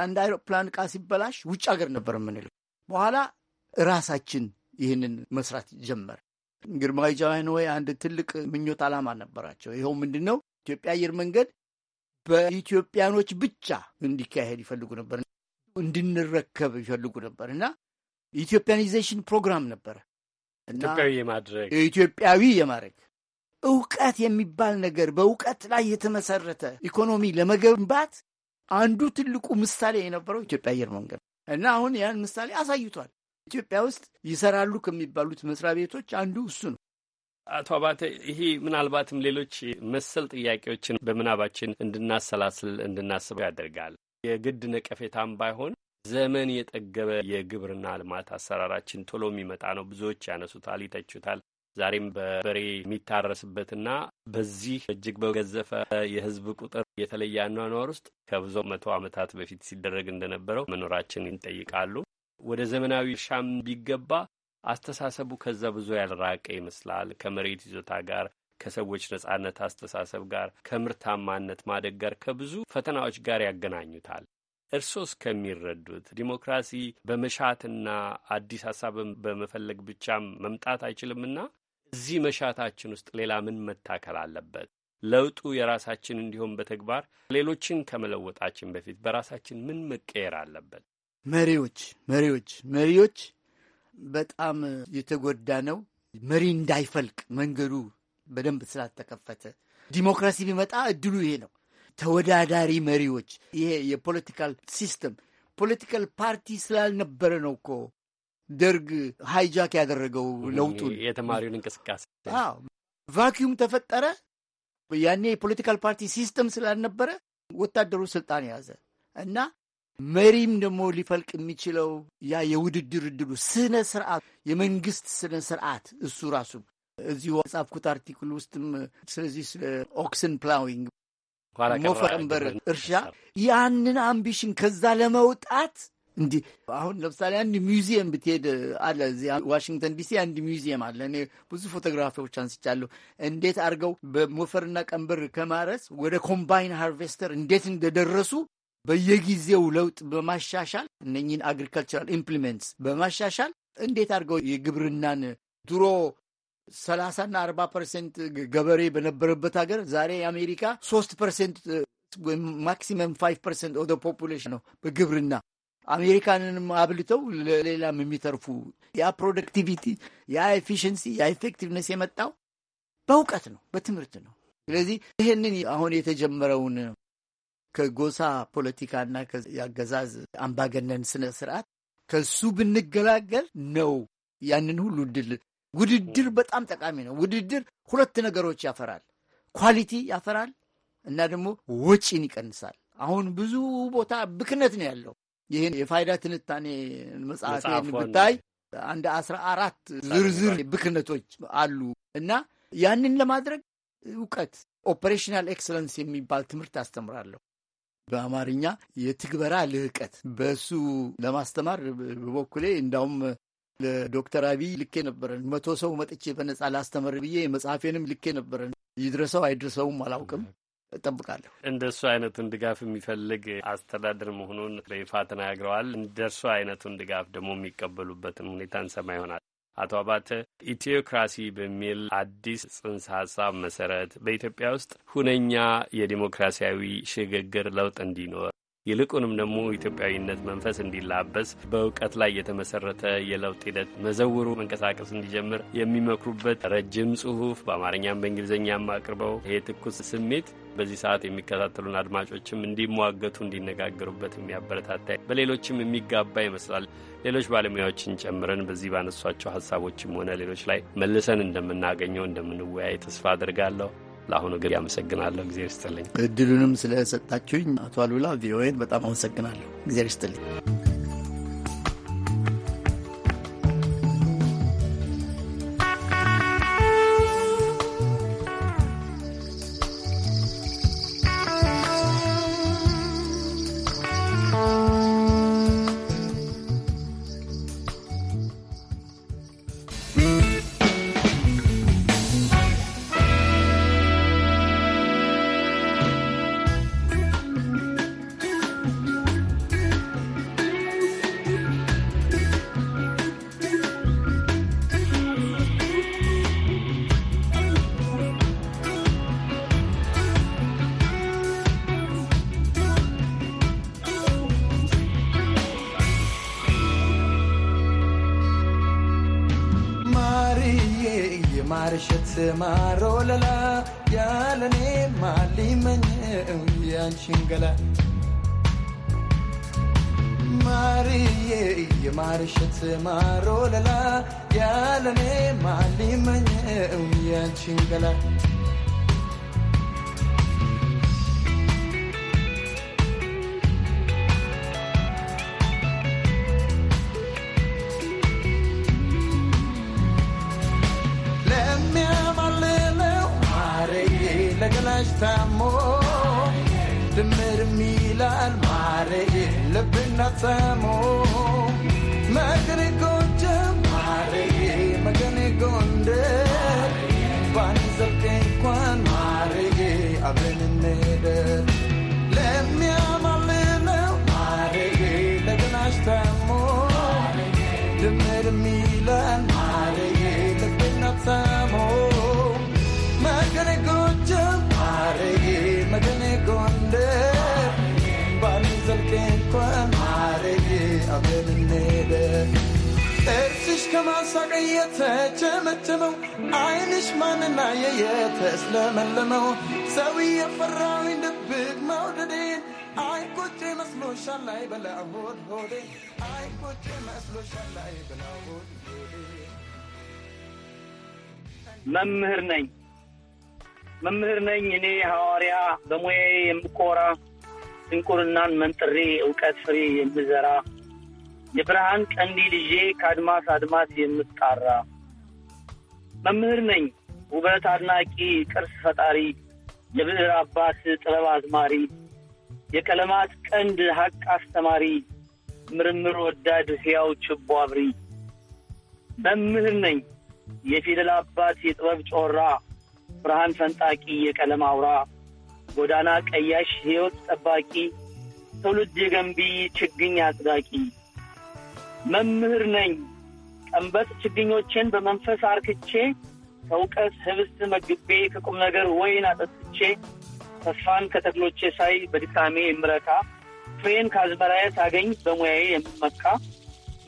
አንድ አይሮፕላን እቃ ሲበላሽ ውጭ ሀገር ነበር የምንልክ። በኋላ ራሳችን ይህንን መስራት ጀመር። ግርማዊ ወይ አንድ ትልቅ ምኞት ዓላማ ነበራቸው። ይኸው ምንድን ነው? ኢትዮጵያ አየር መንገድ በኢትዮጵያኖች ብቻ እንዲካሄድ ይፈልጉ ነበር፣ እንድንረከብ ይፈልጉ ነበር እና ኢትዮጵያኒዜሽን ፕሮግራም ነበረ። ኢትዮጵያዊ የማድረግ ኢትዮጵያዊ የማድረግ እውቀት የሚባል ነገር በእውቀት ላይ የተመሰረተ ኢኮኖሚ ለመገንባት አንዱ ትልቁ ምሳሌ የነበረው ኢትዮጵያ አየር መንገድ እና አሁን ያን ምሳሌ አሳይቷል። ኢትዮጵያ ውስጥ ይሰራሉ ከሚባሉት መስሪያ ቤቶች አንዱ እሱ ነው። አቶ አባተ ይሄ ምናልባትም ሌሎች መሰል ጥያቄዎችን በምናባችን እንድናሰላስል እንድናስበው ያደርጋል። የግድ ነቀፌታም ባይሆን ዘመን የጠገበ የግብርና ልማት አሰራራችን ቶሎ የሚመጣ ነው። ብዙዎች ያነሱታል፣ ይተቹታል። ዛሬም በበሬ የሚታረስበትና በዚህ እጅግ በገዘፈ የህዝብ ቁጥር የተለየ አኗኗር ውስጥ ከብዙ መቶ ዓመታት በፊት ሲደረግ እንደነበረው መኖራችን ይጠይቃሉ። ወደ ዘመናዊ እርሻም ቢገባ አስተሳሰቡ ከዛ ብዙ ያልራቀ ይመስላል። ከመሬት ይዞታ ጋር፣ ከሰዎች ነጻነት አስተሳሰብ ጋር፣ ከምርታማነት ማደግ ጋር፣ ከብዙ ፈተናዎች ጋር ያገናኙታል። እርስዎ እስከሚረዱት ዲሞክራሲ በመሻትና አዲስ ሀሳብ በመፈለግ ብቻም መምጣት አይችልምና እዚህ መሻታችን ውስጥ ሌላ ምን መታከል አለበት? ለውጡ የራሳችን እንዲሆን በተግባር ሌሎችን ከመለወጣችን በፊት በራሳችን ምን መቀየር አለበት? መሪዎች መሪዎች መሪዎች በጣም የተጎዳ ነው። መሪ እንዳይፈልቅ መንገዱ በደንብ ስላልተከፈተ ዲሞክራሲ ቢመጣ እድሉ ይሄ ነው። ተወዳዳሪ መሪዎች ይሄ የፖለቲካል ሲስተም ፖለቲካል ፓርቲ ስላልነበረ ነው እኮ ደርግ ሃይጃክ ያደረገው ለውጡን የተማሪውን እንቅስቃሴ ቫኪዩም ተፈጠረ። ያኔ የፖለቲካል ፓርቲ ሲስተም ስላልነበረ ወታደሩ ስልጣን የያዘ እና መሪም ደግሞ ሊፈልቅ የሚችለው ያ የውድድር እድሉ ስነ ስርዓት፣ የመንግስት ስነ ስርዓት እሱ ራሱ እዚሁ የጻፍኩት አርቲክል ውስጥም ስለዚህ ስለ ኦክስን ፕላዊንግ ሞፈቀንበር እርሻ ያንን አምቢሽን ከዛ ለመውጣት እንዲህ አሁን ለምሳሌ አንድ ሚውዚየም ብትሄድ አለ እዚህ ዋሽንግተን ዲሲ አንድ ሚውዚየም አለ። እኔ ብዙ ፎቶግራፊዎች አንስቻለሁ። እንዴት አድርገው በሞፈርና ቀንበር ከማረስ ወደ ኮምባይን ሃርቬስተር እንዴት እንደደረሱ በየጊዜው ለውጥ በማሻሻል እነኝን አግሪካልቸራል ኢምፕሊመንትስ በማሻሻል እንዴት አድርገው የግብርናን ድሮ ሰላሳና አርባ ፐርሰንት ገበሬ በነበረበት ሀገር ዛሬ የአሜሪካ ሶስት ፐርሰንት ወይም ማክሲመም ፋይቭ ፐርሰንት ኦፍ ፖፑሌሽን ነው በግብርና አሜሪካንንም አብልተው ለሌላም የሚተርፉ ያ ፕሮደክቲቪቲ ያ ኤፊሽንሲ ያ ኤፌክቲቭነስ የመጣው በእውቀት ነው፣ በትምህርት ነው። ስለዚህ ይህንን አሁን የተጀመረውን ከጎሳ ፖለቲካና የአገዛዝ አምባገነን ስነ ስርዓት ከሱ ብንገላገል ነው ያንን ሁሉ ድል። ውድድር በጣም ጠቃሚ ነው። ውድድር ሁለት ነገሮች ያፈራል። ኳሊቲ ያፈራል እና ደግሞ ወጪን ይቀንሳል። አሁን ብዙ ቦታ ብክነት ነው ያለው። ይህን የፋይዳ ትንታኔ መጽሐፌን ብታይ አንድ አስራ አራት ዝርዝር ብክነቶች አሉ እና ያንን ለማድረግ እውቀት ኦፐሬሽናል ኤክሰለንስ የሚባል ትምህርት አስተምራለሁ። በአማርኛ የትግበራ ልህቀት በሱ ለማስተማር በበኩሌ እንዳውም ለዶክተር አብይ ልኬ ነበረን። መቶ ሰው መጥቼ በነጻ ላስተምር ብዬ መጽሐፌንም ልኬ ነበረን። ይድረሰው አይድረሰውም አላውቅም። እጠብቃለሁ። እንደ እሱ አይነቱን ድጋፍ የሚፈልግ አስተዳደር መሆኑን በይፋ ተናግረዋል። እንደ እርሱ አይነቱን ድጋፍ ደግሞ የሚቀበሉበትን ሁኔታ እንሰማ ይሆናል። አቶ አባተ ኢትዮክራሲ በሚል አዲስ ጽንሰ ሀሳብ መሰረት በኢትዮጵያ ውስጥ ሁነኛ የዲሞክራሲያዊ ሽግግር ለውጥ እንዲኖር ይልቁንም ደግሞ ኢትዮጵያዊነት መንፈስ እንዲላበስ በእውቀት ላይ የተመሰረተ የለውጥ ሂደት መዘውሩ መንቀሳቀስ እንዲጀምር የሚመክሩበት ረጅም ጽሁፍ በአማርኛም በእንግሊዝኛም አቅርበው ይሄ ትኩስ ስሜት በዚህ ሰዓት የሚከታተሉን አድማጮችም እንዲሟገቱ እንዲነጋገሩበት የሚያበረታታ በሌሎችም የሚጋባ ይመስላል። ሌሎች ባለሙያዎችን ጨምረን በዚህ ባነሷቸው ሀሳቦችም ሆነ ሌሎች ላይ መልሰን እንደምናገኘው እንደምንወያይ ተስፋ አድርጋለሁ። ለአሁኑ ግን ያመሰግናለሁ። እግዜር ይስጥልኝ። እድሉንም ስለሰጣችሁኝ አቶ አሉላ ቪኦኤን በጣም አመሰግናለሁ። እግዜር ይስጥልኝ። ተማሮ ለላ ያለኔ ማሊመኘው ያንቺን ገላ ማርዬ የማርሽ ተማሮ ያለኔ ማሊመኘው ያንቺን ገላ ታሞ ድምር ሚላል ማረ ልብና ተሞ መገኔ ጎንደር ማረ መገኒ ጎንደ ባንዘልቅ እንኳን ማረ አብረን እንሄድ እንኳን ማረግ አብረን እንሄደ ጥርስሽ ከማሳቅ እየተጨመጨመው ማንና የየተስለመለመው ሰው የፈራዊ ድብቅ መውደዴን አይቆጭ መምህር ነኝ መምህር ነኝ እኔ ሐዋርያ በሙያዬ የምኮራ ድንቁርናን መንጥሬ እውቀት ፍሬ የምዘራ የብርሃን ቀንዲል ይዤ ከአድማስ አድማስ የምጣራ መምህር ነኝ ውበት አድናቂ ቅርስ ፈጣሪ የብዕር አባት ጥበብ አዝማሪ የቀለማት ቀንድ ሀቅ አስተማሪ ምርምር ወዳድ ሕያው ችቦ አብሪ መምህር ነኝ የፊደል አባት የጥበብ ጮራ ብርሃን ፈንጣቂ የቀለም አውራ ጎዳና ቀያሽ፣ ሕይወት ጠባቂ፣ ትውልድ ገንቢ፣ ችግኝ አጽዳቂ መምህር ነኝ ቀንበጥ ችግኞችን በመንፈስ አርክቼ ከእውቀት ህብስት መግቤ ከቁም ነገር ወይን አጠጥቼ ተስፋን ከተክሎቼ ሳይ በድካሜ የምረካ ፍሬን ከአዝመራዬ ሳገኝ በሙያዬ የምመካ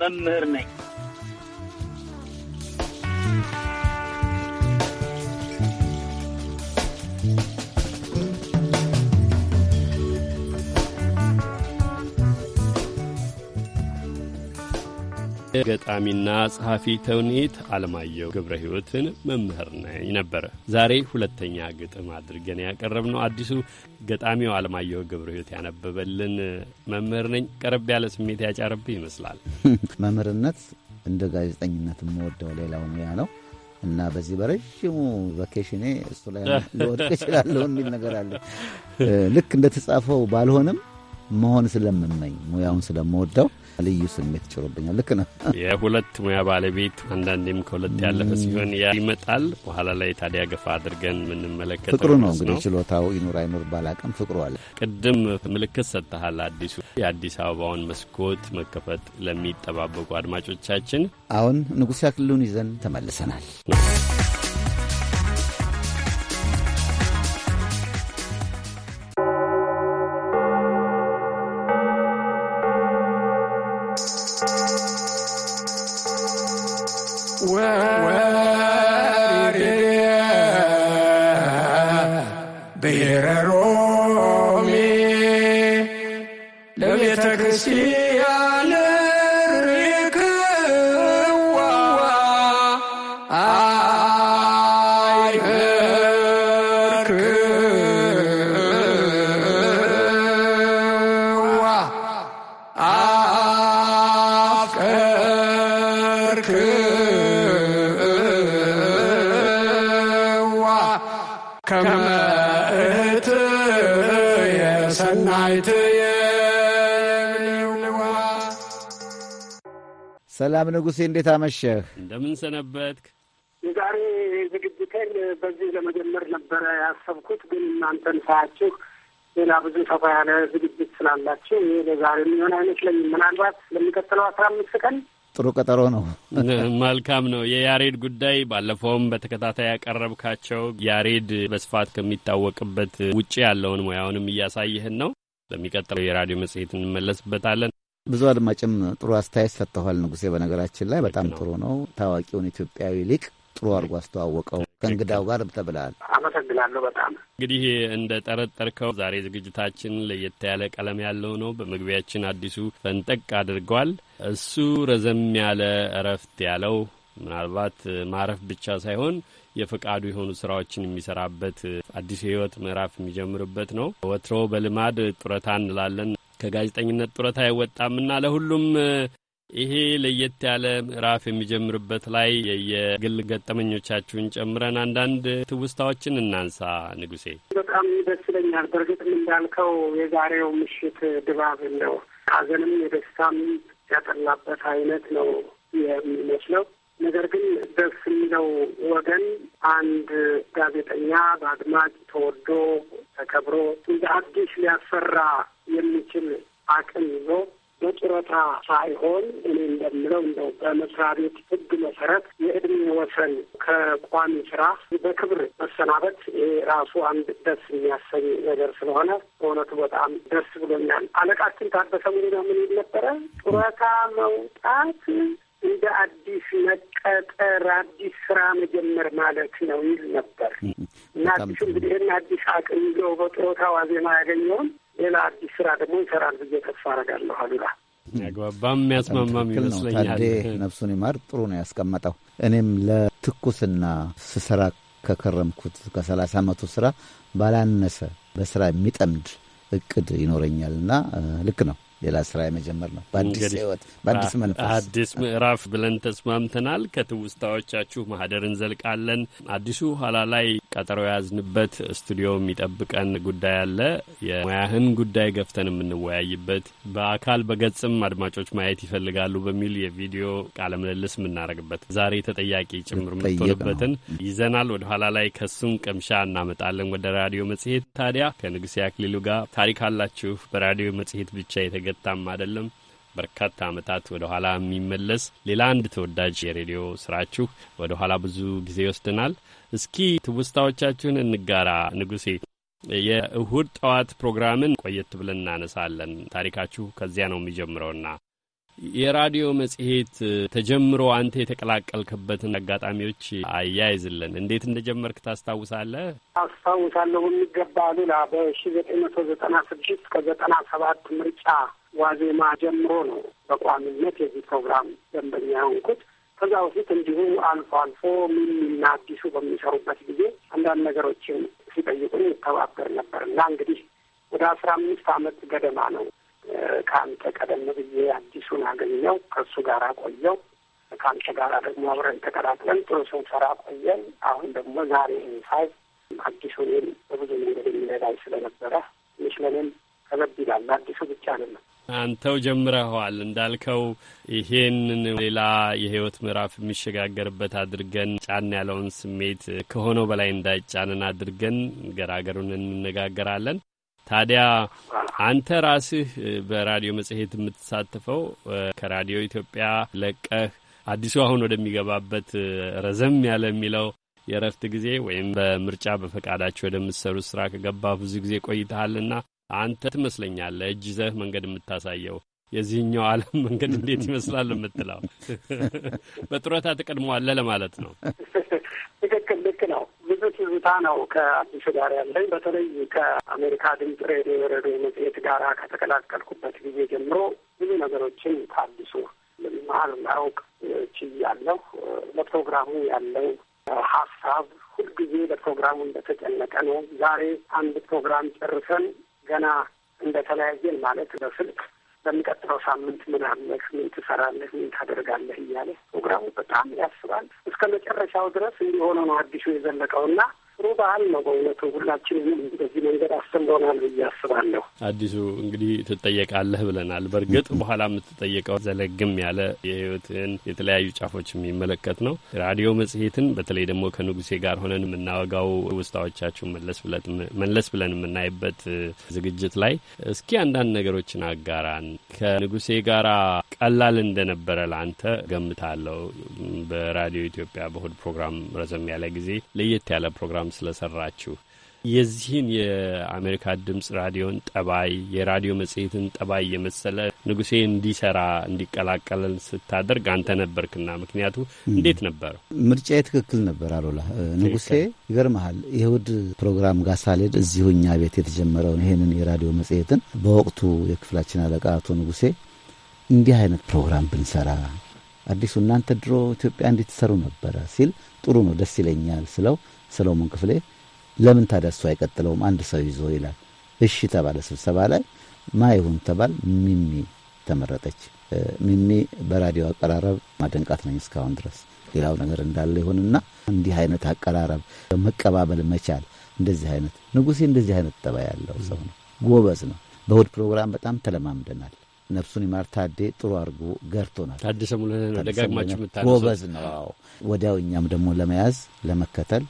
መምህር ነኝ። ገጣሚና ጸሐፊ ተውኔት አለማየሁ ግብረ ሕይወትን መምህር ነኝ ነበር ዛሬ ሁለተኛ ግጥም አድርገን ያቀረብነው። አዲሱ ገጣሚው አለማየሁ ግብረ ሕይወት ያነበበልን መምህር ነኝ ቀረብ ያለ ስሜት ያጫረብህ ይመስላል። መምህርነት እንደ ጋዜጠኝነት የምወደው ሌላው ሙያ ነው እና በዚህ በረዥሙ ቫኬሽኔ እሱ ላይ ልወድቅ እችላለሁ የሚል ነገር አለ። ልክ እንደተጻፈው ባልሆንም መሆን ስለምመኝ ሙያውን ስለምወደው ልዩ ስሜት ጭሮብኛል። ልክ ነው። የሁለት ሙያ ባለቤት አንዳንዴም ከሁለት ያለፈ ሲሆን ያ ይመጣል። በኋላ ላይ ታዲያ ገፋ አድርገን የምንመለከተው ፍቅሩ ነው። እንግዲህ ችሎታው ይኑር አይኑር ባላቅም ፍቅሩ አለ። ቅድም ምልክት ሰጥተሃል። አዲሱ የአዲስ አበባውን መስኮት መከፈት ለሚጠባበቁ አድማጮቻችን አሁን ንጉሴ አክሊሉን ይዘን ተመልሰናል። ንጉሴ እንዴት አመሸህ? እንደምን ሰነበትክ? የዛሬ ዝግጅቴን በዚህ ለመጀመር ነበረ ያሰብኩት፣ ግን እናንተን ሳያችሁ ሌላ ብዙ ሰፋ ያለ ዝግጅት ስላላችሁ ይህ ለዛሬ የሚሆን አይመስለኝም። ምናልባት ለሚቀጥለው አስራ አምስት ቀን ጥሩ ቀጠሮ ነው። መልካም ነው። የያሬድ ጉዳይ ባለፈውም በተከታታይ ያቀረብካቸው ያሬድ በስፋት ከሚታወቅበት ውጭ ያለውን ሙያውንም እያሳየህን ነው። በሚቀጥለው የራዲዮ መጽሔት እንመለስበታለን። ብዙ አድማጭም ጥሩ አስተያየት ሰጥተዋል። ንጉሴ በነገራችን ላይ በጣም ጥሩ ነው። ታዋቂውን ኢትዮጵያዊ ሊቅ ጥሩ አድርጎ አስተዋወቀው። ከእንግዳው ጋር ብተብላል። አመሰግናለሁ። በጣም እንግዲህ እንደ ጠረጠርከው ዛሬ ዝግጅታችን ለየት ያለ ቀለም ያለው ነው። በመግቢያችን አዲሱ ፈንጠቅ አድርጓል። እሱ ረዘም ያለ እረፍት ያለው ምናልባት ማረፍ ብቻ ሳይሆን የፈቃዱ የሆኑ ስራዎችን የሚሰራበት አዲስ ህይወት ምዕራፍ የሚጀምርበት ነው። ወትሮ በልማድ ጡረታ እንላለን። ከጋዜጠኝነት ጡረታ አይወጣምና ለሁሉም ይሄ ለየት ያለ ምዕራፍ የሚጀምርበት ላይ የግል ገጠመኞቻችሁን ጨምረን አንዳንድ ትውስታዎችን እናንሳ። ንጉሴ፣ በጣም ደስ ይለኛል። በእርግጥም እንዳልከው የዛሬው ምሽት ድባብ ነው ሐዘንም የደስታም ያጠላበት አይነት ነው የሚመስለው። ነገር ግን ደስ የሚለው ወገን አንድ ጋዜጠኛ በአድማጭ ተወዶ ተከብሮ እንደ አዲስ ሊያሰራ የሚችል አቅም ይዞ በጡረታ ሳይሆን እኔ እንደምለው እንደው በመስሪያ ቤት ሕግ መሰረት የእድሜ ወሰን ከቋሚ ስራ በክብር መሰናበት ይሄ ራሱ አንድ ደስ የሚያሰኝ ነገር ስለሆነ በእውነቱ በጣም ደስ ብሎኛል። አለቃችን ታደሰ ሙሉና ምን ይል ነበረ? ጡረታ መውጣት እንደ አዲስ መቀጠር፣ አዲስ ስራ መጀመር ማለት ነው ይል ነበር እና አዲሱ እንግዲህ ይህን አዲስ አቅም ይዘው በጡረታ ዋዜማ ያገኘውን ሌላ አዲስ ስራ ደግሞ ይሰራል ብዬ ተስፋ አረጋለሁ። አሉላ ያግባባም የሚያስማማም ይመስለኛል። ነፍሱን ይማር። ጥሩ ነው ያስቀመጠው። እኔም ለትኩስና ስሰራ ከከረምኩት ከሰላሳ አመቱ ስራ ባላነሰ በስራ የሚጠምድ እቅድ ይኖረኛልና ልክ ነው። ሌላ ስራ የመጀመር ነው። በአዲስ ህይወት፣ በአዲስ መንፈስ፣ አዲስ ምዕራፍ ብለን ተስማምተናል። ከትውስታዎቻችሁ ማህደር እንዘልቃለን። አዲሱ ኋላ ላይ ቀጠሮ የያዝንበት ስቱዲዮ የሚጠብቀን ጉዳይ አለ። የሙያህን ጉዳይ ገፍተን የምንወያይበት በአካል በገጽም አድማጮች ማየት ይፈልጋሉ በሚል የቪዲዮ ቃለ ምልልስ የምናደርግበት ዛሬ ተጠያቂ ጭምር የምትሆንበትን ይዘናል። ወደ ኋላ ላይ ከሱም ቅምሻ እናመጣለን። ወደ ራዲዮ መጽሔት ታዲያ ከንጉሴ አክሊሉ ጋር ታሪክ አላችሁ በራዲዮ መጽሔት ብቻ የተገ የተገታም አይደለም። በርካታ ዓመታት ወደ ኋላ የሚመለስ ሌላ አንድ ተወዳጅ የሬዲዮ ስራችሁ ወደ ኋላ ብዙ ጊዜ ይወስደናል። እስኪ ትውስታዎቻችሁን እንጋራ ንጉሴ። የእሁድ ጠዋት ፕሮግራምን ቆየት ብለን እናነሳለን። ታሪካችሁ ከዚያ ነው የሚጀምረውና የራዲዮ መጽሔት ተጀምሮ አንተ የተቀላቀልክበትን አጋጣሚዎች አያይዝልን። እንዴት እንደጀመርክ ታስታውሳለህ? አስታውሳለሁ የሚገባ አሉላ። በሺ ዘጠኝ መቶ ዘጠና ስድስት ከዘጠና ሰባት ምርጫ ዋዜማ ጀምሮ ነው በቋሚነት የዚህ ፕሮግራም ደንበኛ የሆንኩት። ከዛ በፊት እንዲሁ አልፎ አልፎ ና አዲሱ በሚሰሩበት ጊዜ አንዳንድ ነገሮችን ሲጠይቁን ይተባበር ነበር እና እንግዲህ ወደ አስራ አምስት አመት ገደማ ነው ከአንተ ቀደም ብዬ አዲሱን አገኘው ከእሱ ጋር ቆየው ከአንተ ጋር ደግሞ አብረን ተቀላቅለን ጥሩ ስንሰራ ቆየን። አሁን ደግሞ ዛሬ ሳይ አዲሱ እኔን በብዙ መንገድ የሚረዳኝ ስለነበረ ትንሽ ለእኔም ከበድ ይላል። አዲሱ ብቻ አይደለም አንተው ጀምረኸዋል እንዳልከው ይሄንን ሌላ የህይወት ምዕራፍ የሚሸጋገርበት አድርገን ጫን ያለውን ስሜት ከሆነው በላይ እንዳይጫንን አድርገን ገራገሩን እንነጋገራለን። ታዲያ አንተ ራስህ በራዲዮ መጽሔት የምትሳተፈው ከራዲዮ ኢትዮጵያ ለቀህ አዲሱ አሁን ወደሚገባበት ረዘም ያለ የሚለው የእረፍት ጊዜ ወይም በምርጫ በፈቃዳቸው ወደምትሰሩት ስራ ከገባ ብዙ ጊዜ ቆይተሃልና አንተ ትመስለኛለህ እጅ ይዘህ መንገድ የምታሳየው የዚህኛው ዓለም መንገድ እንዴት ይመስላል የምትለው በጡረታ ትቀድመዋለህ ለማለት ነው። ትክክል፣ ልክ ነው። ብዙ ትዝታ ነው ከአዲሱ ጋር ያለኝ በተለይ ከአሜሪካ ድምፅ ሬዲዮ ሬዲዮ መጽሔት ጋር ከተቀላቀልኩበት ጊዜ ጀምሮ ብዙ ነገሮችን ከአዲሱ መሀል ላውቅ ችያለሁ። ለፕሮግራሙ ያለው ሀሳብ ሁልጊዜ ለፕሮግራሙ እንደተጨነቀ ነው። ዛሬ አንድ ፕሮግራም ጨርሰን ገና እንደተለያየን ማለት በስልክ በሚቀጥለው ሳምንት ምን አለህ፣ ምን ትሰራለህ፣ ምን ታደርጋለህ እያለ ፕሮግራሙ በጣም ያስባል። እስከ መጨረሻው ድረስ እንዲሆነ ነው አዲሱ የዘለቀው እና ጥሩ ባህል ነው በእውነቱ። ሁላችንም በዚህ መንገድ አስተምሮናል ብዬ አስባለሁ። አዲሱ እንግዲህ ትጠየቃለህ ብለናል። በእርግጥ በኋላ የምትጠየቀው ዘለግም ያለ የህይወትህን የተለያዩ ጫፎች የሚመለከት ነው። ራዲዮ መጽሔትን በተለይ ደግሞ ከንጉሴ ጋር ሆነን የምናወጋው ውስጣዎቻችሁን መለስ ብለን የምናይበት ዝግጅት ላይ እስኪ አንዳንድ ነገሮችን አጋራን። ከንጉሴ ጋር ቀላል እንደነበረ ለአንተ ገምታለሁ። በራዲዮ ኢትዮጵያ በእሁድ ፕሮግራም ረዘም ያለ ጊዜ ለየት ያለ ፕሮግራም ስራም ስለሰራችሁ የዚህን የአሜሪካ ድምፅ ራዲዮን ጠባይ የራዲዮ መጽሔትን ጠባይ የመሰለ ንጉሴ እንዲሰራ እንዲቀላቀለን ስታደርግ አንተ ነበርክና ምክንያቱ እንዴት ነበር? ምርጫዬ ትክክል ነበር። አሉላ ንጉሴ ይገርመሃል፣ የእሁድ ፕሮግራም ጋሳሌድ እዚሁ እኛ ቤት የተጀመረውን ይህንን የራዲዮ መጽሔትን በወቅቱ የክፍላችን አለቃ አቶ ንጉሴ እንዲህ አይነት ፕሮግራም ብንሰራ አዲሱ እናንተ ድሮ ኢትዮጵያ እንዴት ትሰሩ ነበረ ሲል ጥሩ ነው ደስ ይለኛል ስለው ሰለሞን ክፍሌ ለምን ታዲያ እሱ አይቀጥለውም አንድ ሰው ይዞ ይላል። እሺ ተባለ። ስብሰባ ላይ ማ ይሁን ተባል። ሚሚ ተመረጠች። ሚሚ በራዲዮ አቀራረብ ማደንቃት ነኝ እስካሁን ድረስ። ሌላው ነገር እንዳለ ይሁንና እንዲህ አይነት አቀራረብ መቀባበል መቻል እንደዚህ አይነት ንጉሴ እንደዚህ አይነት ጠባ ያለው ሰው ነው። ጎበዝ ነው። በእሑድ ፕሮግራም በጣም ተለማምደናል። ነፍሱን ይማር ታዴ ጥሩ አድርጎ ገርቶናል። ታደሰ ሙሉነህ ደጋግማችሁ ጎበዝ ነው። ወዲያው እኛም ደግሞ ለመያዝ ለመከተል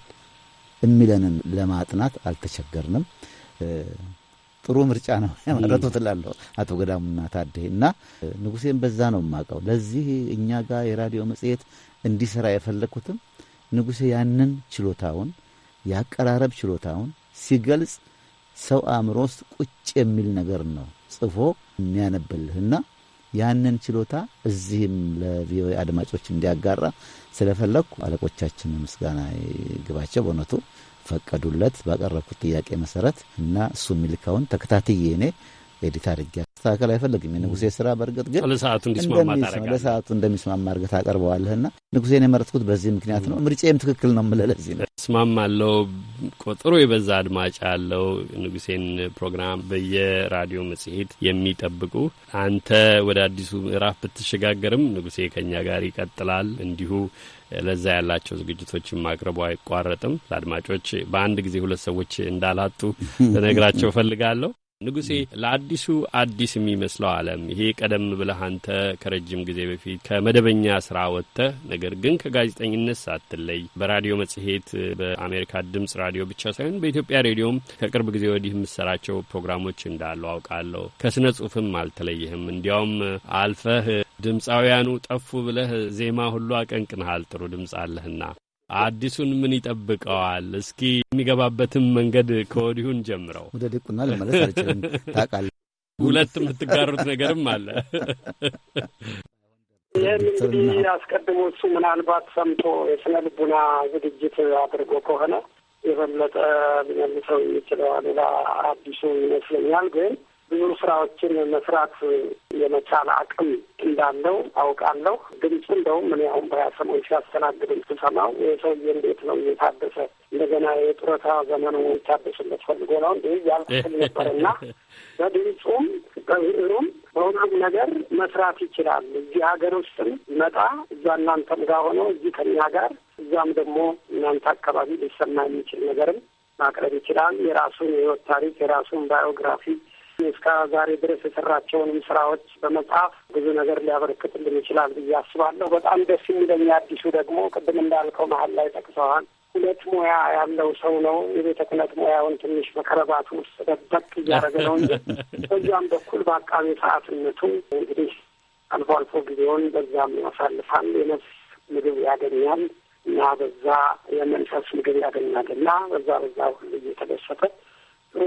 የሚለንን ለማጥናት አልተቸገርንም። ጥሩ ምርጫ ነው ያመረጡት አቶ ገዳሙና ታዴ እና ንጉሴን በዛ ነው የማውቀው። ለዚህ እኛ ጋር የራዲዮ መጽሔት እንዲሰራ የፈለግኩትም ንጉሴ ያንን ችሎታውን ያቀራረብ ችሎታውን ሲገልጽ ሰው አእምሮ ውስጥ ቁጭ የሚል ነገር ነው ጽፎ የሚያነብልህና ያንን ችሎታ እዚህም ለቪኦኤ አድማጮች እንዲያጋራ ስለፈለግኩ አለቆቻችን ምስጋና ይግባቸው በእውነቱ ፈቀዱለት ባቀረብኩት ጥያቄ መሰረት እና እሱ የሚልካውን ተከታትዬ እኔ ኤዲት አድርጌ አስተካከል አይፈልግም የንጉሴ ስራ በእርግጥ ግን ለሰዓቱ እንደሚስማማ እርግጥ አቀርበዋለህና ንጉሴን የመረጥኩት በዚህ ምክንያት ነው። ምርጬም ትክክል ነው የምልህ ለዚህ ነው። እስማማለሁ። ቁጥሩ የበዛ አድማጭ ያለው ንጉሴን ፕሮግራም በየራዲዮ መጽሔት የሚጠብቁ አንተ ወደ አዲሱ ምዕራፍ ብትሸጋገርም ንጉሴ ከእኛ ጋር ይቀጥላል። እንዲሁ ለዛ ያላቸው ዝግጅቶች ማቅረቡ አይቋረጥም። ለአድማጮች በአንድ ጊዜ ሁለት ሰዎች እንዳላጡ ልነግራቸው እፈልጋለሁ። ንጉሴ ለአዲሱ አዲስ የሚመስለው ዓለም ይሄ ቀደም ብለህ አንተ ከረጅም ጊዜ በፊት ከመደበኛ ስራ ወጥተህ ነገር ግን ከጋዜጠኝነት ሳትለይ በራዲዮ መጽሔት በአሜሪካ ድምጽ ራዲዮ ብቻ ሳይሆን በኢትዮጵያ ሬዲዮም ከቅርብ ጊዜ ወዲህ የምሰራቸው ፕሮግራሞች እንዳሉ አውቃለሁ። ከስነ ጽሁፍም አልተለይህም። እንዲያውም አልፈህ ድምፃውያኑ ጠፉ ብለህ ዜማ ሁሉ አቀንቅንሃል። ጥሩ ድምፅ አለህና አዲሱን ምን ይጠብቀዋል? እስኪ የሚገባበትም መንገድ ከወዲሁን ጀምረው ወደ ድቁና ለመለስ አልችልም። ታውቃለህ፣ ሁለት የምትጋሩት ነገርም አለ። ይህን እንግዲህ አስቀድሞ እሱ ምናልባት ሰምቶ የስነ ልቡና ዝግጅት አድርጎ ከሆነ የበለጠ ሊመልሰው የሚችለው አሉላ አዲሱ ይመስለኛል ግን ብዙ ስራዎችን መስራት የመቻል አቅም እንዳለው አውቃለሁ። ድምፁ እንደውም እኔ አሁን በያሰሞች ሲያስተናግድም ስሰማው የሰውዬ እንዴት ነው እየታደሰ እንደገና የጡረታ ዘመኑ ይታደስለት ፈልጎ ነው እንዲህ ነበር ነበርና በድምፁም በብዕሩም በሁሉም ነገር መስራት ይችላል። እዚህ ሀገር ውስጥም መጣ እዛ እናንተም ጋር ሆኖ እዚህ ከኛ ጋር እዛም ደግሞ እናንተ አካባቢ ሊሰማ የሚችል ነገርም ማቅረብ ይችላል። የራሱን የህይወት ታሪክ የራሱን ባዮግራፊ እስከ ዛሬ ድረስ የሰራቸውንም ስራዎች በመጽሐፍ ብዙ ነገር ሊያበረክትልን ይችላል ብዬ አስባለሁ። በጣም ደስ የሚለኝ አዲሱ ደግሞ ቅድም እንዳልከው መሀል ላይ ጠቅሰዋል። ሁለት ሙያ ያለው ሰው ነው። የቤተ ክህነት ሙያውን ትንሽ በከረባቱ ውስጥ ደበቅ እያደረገ ነው እንጂ በዚያም በኩል በአቃቤ ሰዓትነቱ እንግዲህ አልፎ አልፎ ጊዜውን በዛም ያሳልፋል። የነፍስ ምግብ ያገኛል እና በዛ የመንፈስ ምግብ ያገኛል እና በዛ በዛ ሁሉ እየተደሰተ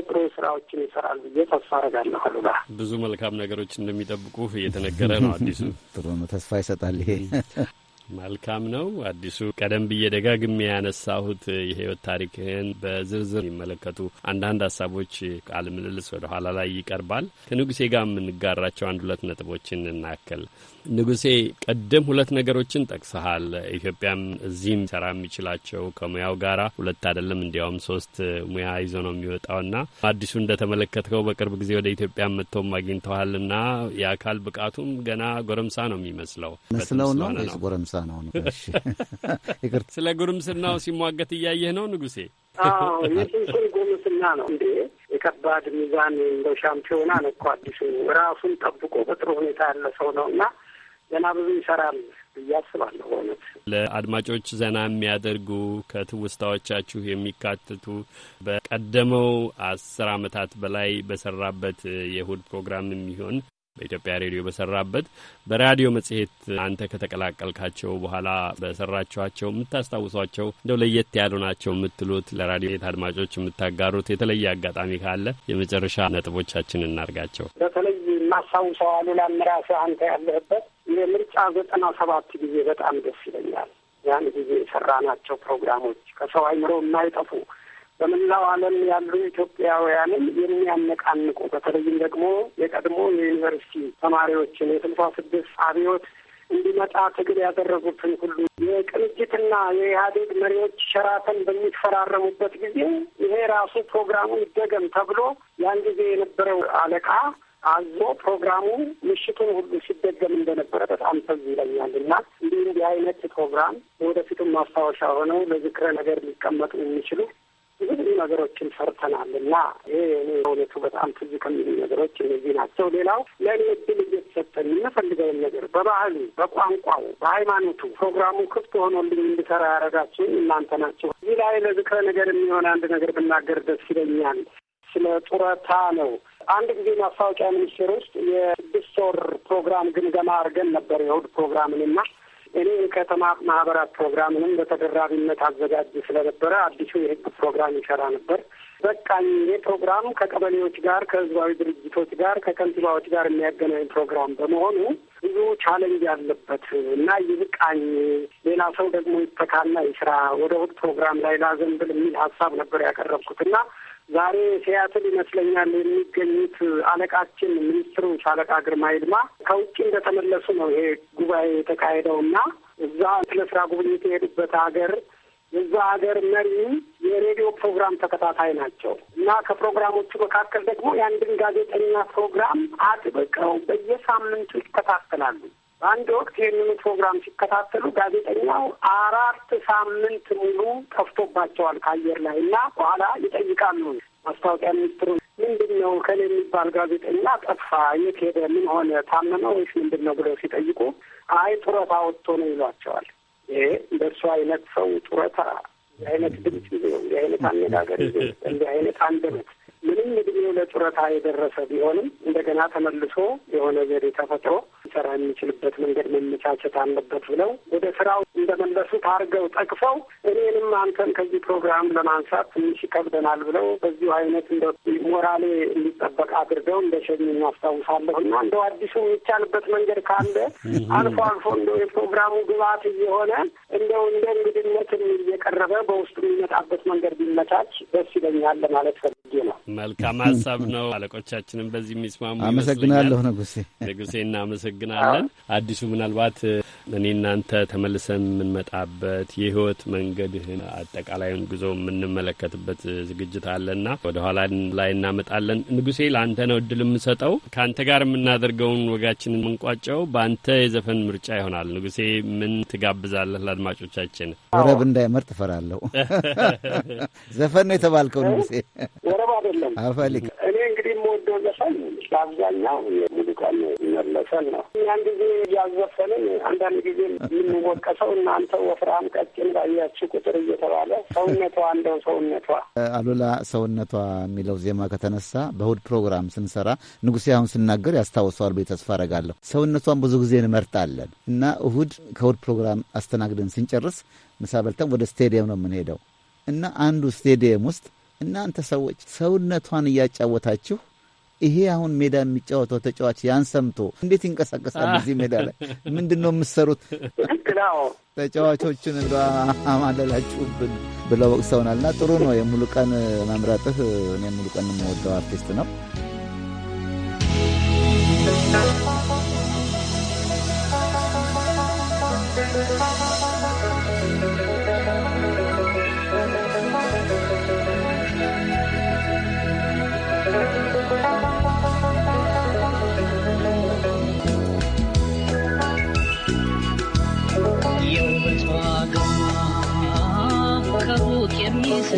ጥሩ ስራዎችን ይሰራል ብዬ ተስፋ አረጋለሁ። አሉላ ብዙ መልካም ነገሮች እንደሚጠብቁ እየተነገረ ነው። አዲሱ ጥሩ ነው፣ ተስፋ ይሰጣል። ይሄ መልካም ነው። አዲሱ ቀደም ብዬ ደጋግሜ ያነሳሁት የህይወት ታሪክህን በዝርዝር የሚመለከቱ አንዳንድ ሀሳቦች ቃለ ምልልስ ወደ ኋላ ላይ ይቀርባል። ከንጉሴ ጋር የምንጋራቸው አንድ ሁለት ነጥቦችን እናክል። ንጉሴ ቀደም ሁለት ነገሮችን ጠቅሰሃል። ኢትዮጵያም እዚህም ሰራ የሚችላቸው ከሙያው ጋራ ሁለት አይደለም እንዲያውም ሶስት ሙያ ይዞ ነው የሚወጣውና አዲሱ እንደተመለከትከው በቅርብ ጊዜ ወደ ኢትዮጵያ መጥተውም አግኝተዋልና የአካል ብቃቱም ገና ጎረምሳ ነው የሚመስለው መስለው ነው ጎረምሳ ነው። ስለ ጉርምስናው ሲሟገት እያየህ ነው ንጉሴ? አዎ ጉርምስና ነው እንዴ! የከባድ ሚዛን እንደው ሻምፒዮና ነው እኮ አዲሱ ራሱን ጠብቆ በጥሩ ሁኔታ ያለ ሰው ነው እና ገና ብዙ ይሰራል ብዬ አስባለሁ። በእውነት ለአድማጮች ዘና የሚያደርጉ ከትውስታዎቻችሁ የሚካተቱ በቀደመው አስር አመታት በላይ በሰራበት የእሁድ ፕሮግራም የሚሆን በኢትዮጵያ ሬዲዮ በሰራበት በራዲዮ መጽሔት አንተ ከተቀላቀልካቸው በኋላ በሰራችኋቸው የምታስታውሷቸው እንደው ለየት ያሉ ናቸው የምትሉት ለራዲዮ ቤት አድማጮች የምታጋሩት የተለየ አጋጣሚ ካለ የመጨረሻ ነጥቦቻችን እናርጋቸው። በተለይ የማስታውሰው አሉላም ራስህ አንተ ያለህበት የምርጫ ዘጠና ሰባት ጊዜ በጣም ደስ ይለኛል። ያን ጊዜ የሰራናቸው ፕሮግራሞች ከሰው አይምሮ የማይጠፉ በመላው ዓለም ያሉ ኢትዮጵያውያንም የሚያነቃንቁ በተለይም ደግሞ የቀድሞ የዩኒቨርሲቲ ተማሪዎችን የትንፋ ስድስት አብዮት እንዲመጣ ትግል ያደረጉትን ሁሉ የቅንጅትና የኢህአዴግ መሪዎች ሸራተን በሚፈራረሙበት ጊዜ ይሄ ራሱ ፕሮግራሙ ይደገም ተብሎ ያን ጊዜ የነበረው አለቃ አዞ ፕሮግራሙ ምሽቱን ሁሉ ሲደገም እንደነበረ በጣም ተዝ ይለኛል እና እንዲህ እንዲህ አይነት ፕሮግራም ወደፊቱን ማስታወሻ ሆነው ለዝክረ ነገር ሊቀመጡ የሚችሉ ብዙ ብዙ ነገሮችን ሰርተናል እና ይሄ እኔ በእውነቱ በጣም ትዝ ከሚሉ ነገሮች እነዚህ ናቸው። ሌላው ለእኔ እድል እየተሰጠን የምፈልገውን ነገር በባህሉ፣ በቋንቋው፣ በሃይማኖቱ ፕሮግራሙ ክፍት ሆኖልኝ እንድሰራ ያደረጋችሁኝ እናንተ ናቸው። እዚህ ላይ ለዝክረ ነገር የሚሆን አንድ ነገር ብናገር ደስ ይለኛል። ስለ ጡረታ ነው አንድ ጊዜ ማስታወቂያ ሚኒስቴር ውስጥ የስድስት ወር ፕሮግራም ግምገማ አድርገን ነበር የእሑድ ፕሮግራምንና እኔ የከተማ ማህበራት ፕሮግራምንም በተደራቢነት አዘጋጅ ስለነበረ አዲሱ የህግ ፕሮግራም ይሰራ ነበር። በቃኝ። ይሄ ፕሮግራም ከቀበሌዎች ጋር፣ ከህዝባዊ ድርጅቶች ጋር፣ ከከንቲባዎች ጋር የሚያገናኝ ፕሮግራም በመሆኑ ብዙ ቻለንጅ ያለበት እና ይብቃኝ፣ ሌላ ሰው ደግሞ ይተካና ይስራ፣ ወደ እሑድ ፕሮግራም ላይ ላዘንብል የሚል ሀሳብ ነበር ያቀረብኩት እና ዛሬ ሲያትል ይመስለኛል የሚገኙት አለቃችን ሚኒስትሩ ሻለቃ ግርማ ይልማ ከውጭ እንደተመለሱ ነው ይሄ ጉባኤ የተካሄደው እና እዛ ስለ ስራ ጉብኝት የሄዱበት ሀገር የዛ ሀገር መሪ የሬዲዮ ፕሮግራም ተከታታይ ናቸው እና ከፕሮግራሞቹ መካከል ደግሞ የአንድን ጋዜጠኛ ፕሮግራም አጥብቀው በየሳምንቱ ይከታተላሉ። አንድ ወቅት ይህንኑ ፕሮግራም ሲከታተሉ ጋዜጠኛው አራት ሳምንት ሙሉ ጠፍቶባቸዋል ከአየር ላይ እና በኋላ ይጠይቃሉ ማስታወቂያ ሚኒስትሩ ምንድን ነው ከሌ የሚባል ጋዜጠኛ ጠፋ፣ የት ሄደ፣ ምን ሆነ፣ ታመመ ወይስ ምንድን ነው ብለው ሲጠይቁ አይ ጡረታ ወጥቶ ነው ይሏቸዋል። ይሄ እንደሱ አይነት ሰው ጡረታ፣ የአይነት አይነት ድምፅ ይዞ፣ እንዲህ አይነት አነጋገር ይዞ፣ እንዲህ አይነት አንደበት ምንም እድሜው ለጡረታ የደረሰ ቢሆንም እንደገና ተመልሶ የሆነ ዘዴ ተፈጥሮ ሊሰራ የሚችልበት መንገድ መመቻቸት አለበት ብለው ወደ ስራው እንደመለሱት አድርገው ጠቅፈው እኔንም አንተን ከዚህ ፕሮግራም ለማንሳት ትንሽ ይከብደናል ብለው በዚሁ አይነት እንደ ሞራሌ እንዲጠበቅ አድርገው እንደ ሸኝ እናስታውሳለሁ እና እንደው አዲሱ የሚቻልበት መንገድ ካለ አልፎ አልፎ እንደው የፕሮግራሙ ግብዓት እየሆነ እንደው እንደ እንግድነትም እየቀረበ በውስጡ የሚመጣበት መንገድ ቢመቻች ደስ ይለኛል ለማለት ፈልጌ ነው። መልካም ሀሳብ ነው። አለቆቻችንም በዚህ የሚስማሙ አመሰግናለሁ። ንጉሴ ንጉሴ እናመሰግናለን። አዲሱ ምናልባት እኔ እናንተ ተመልሰን የምንመጣበት የህይወት መንገድህን አጠቃላይን ጉዞ የምንመለከትበት ዝግጅት አለና ወደ ኋላ ላይ እናመጣለን። ንጉሴ ለአንተ ነው እድል የምሰጠው። ከአንተ ጋር የምናደርገውን ወጋችንን የምንቋጨው በአንተ የዘፈን ምርጫ ይሆናል። ንጉሴ ምን ትጋብዛለህ? ለአድማጮቻችን ወረብ እንዳይመርጥ እፈራለሁ። ዘፈን ነው የተባልከው ንጉሴ አይደለም። አፈሊቅ እኔ እንግዲህ የምወደው ዘፈን በአብዛኛው የሙሉቀን መለሰን ነው። እኛን ጊዜ እያዘፈንን አንዳንድ ጊዜ የምንወቀሰው እናንተ ወፍራም ቀጭን ባያችሁ ቁጥር እየተባለ ሰውነቷ እንደው ሰውነቷ አሉላ ሰውነቷ የሚለው ዜማ ከተነሳ በእሁድ ፕሮግራም ስንሰራ ንጉሴ አሁን ስናገር ያስታውሰዋል ብዬ ተስፋ አደርጋለሁ። ሰውነቷን ብዙ ጊዜ እንመርጣለን እና እሁድ ከእሁድ ፕሮግራም አስተናግደን ስንጨርስ ምሳ በልተን ወደ ስቴዲየም ነው የምንሄደው እና አንዱ ስቴዲየም ውስጥ እናንተ ሰዎች ሰውነቷን እያጫወታችሁ ይሄ አሁን ሜዳ የሚጫወተው ተጫዋች ያን ሰምቶ እንዴት ይንቀሳቀሳል? እዚህ ሜዳ ላይ ምንድን ነው የምትሰሩት? ተጫዋቾችን እንደ አማለላችሁብን ብለው ወቅሰውናልና ጥሩ ነው የሙሉቀን ቀን መምረጥህ። እኔ ሙሉቀን የምወደው አርቲስት ነው። Thank you.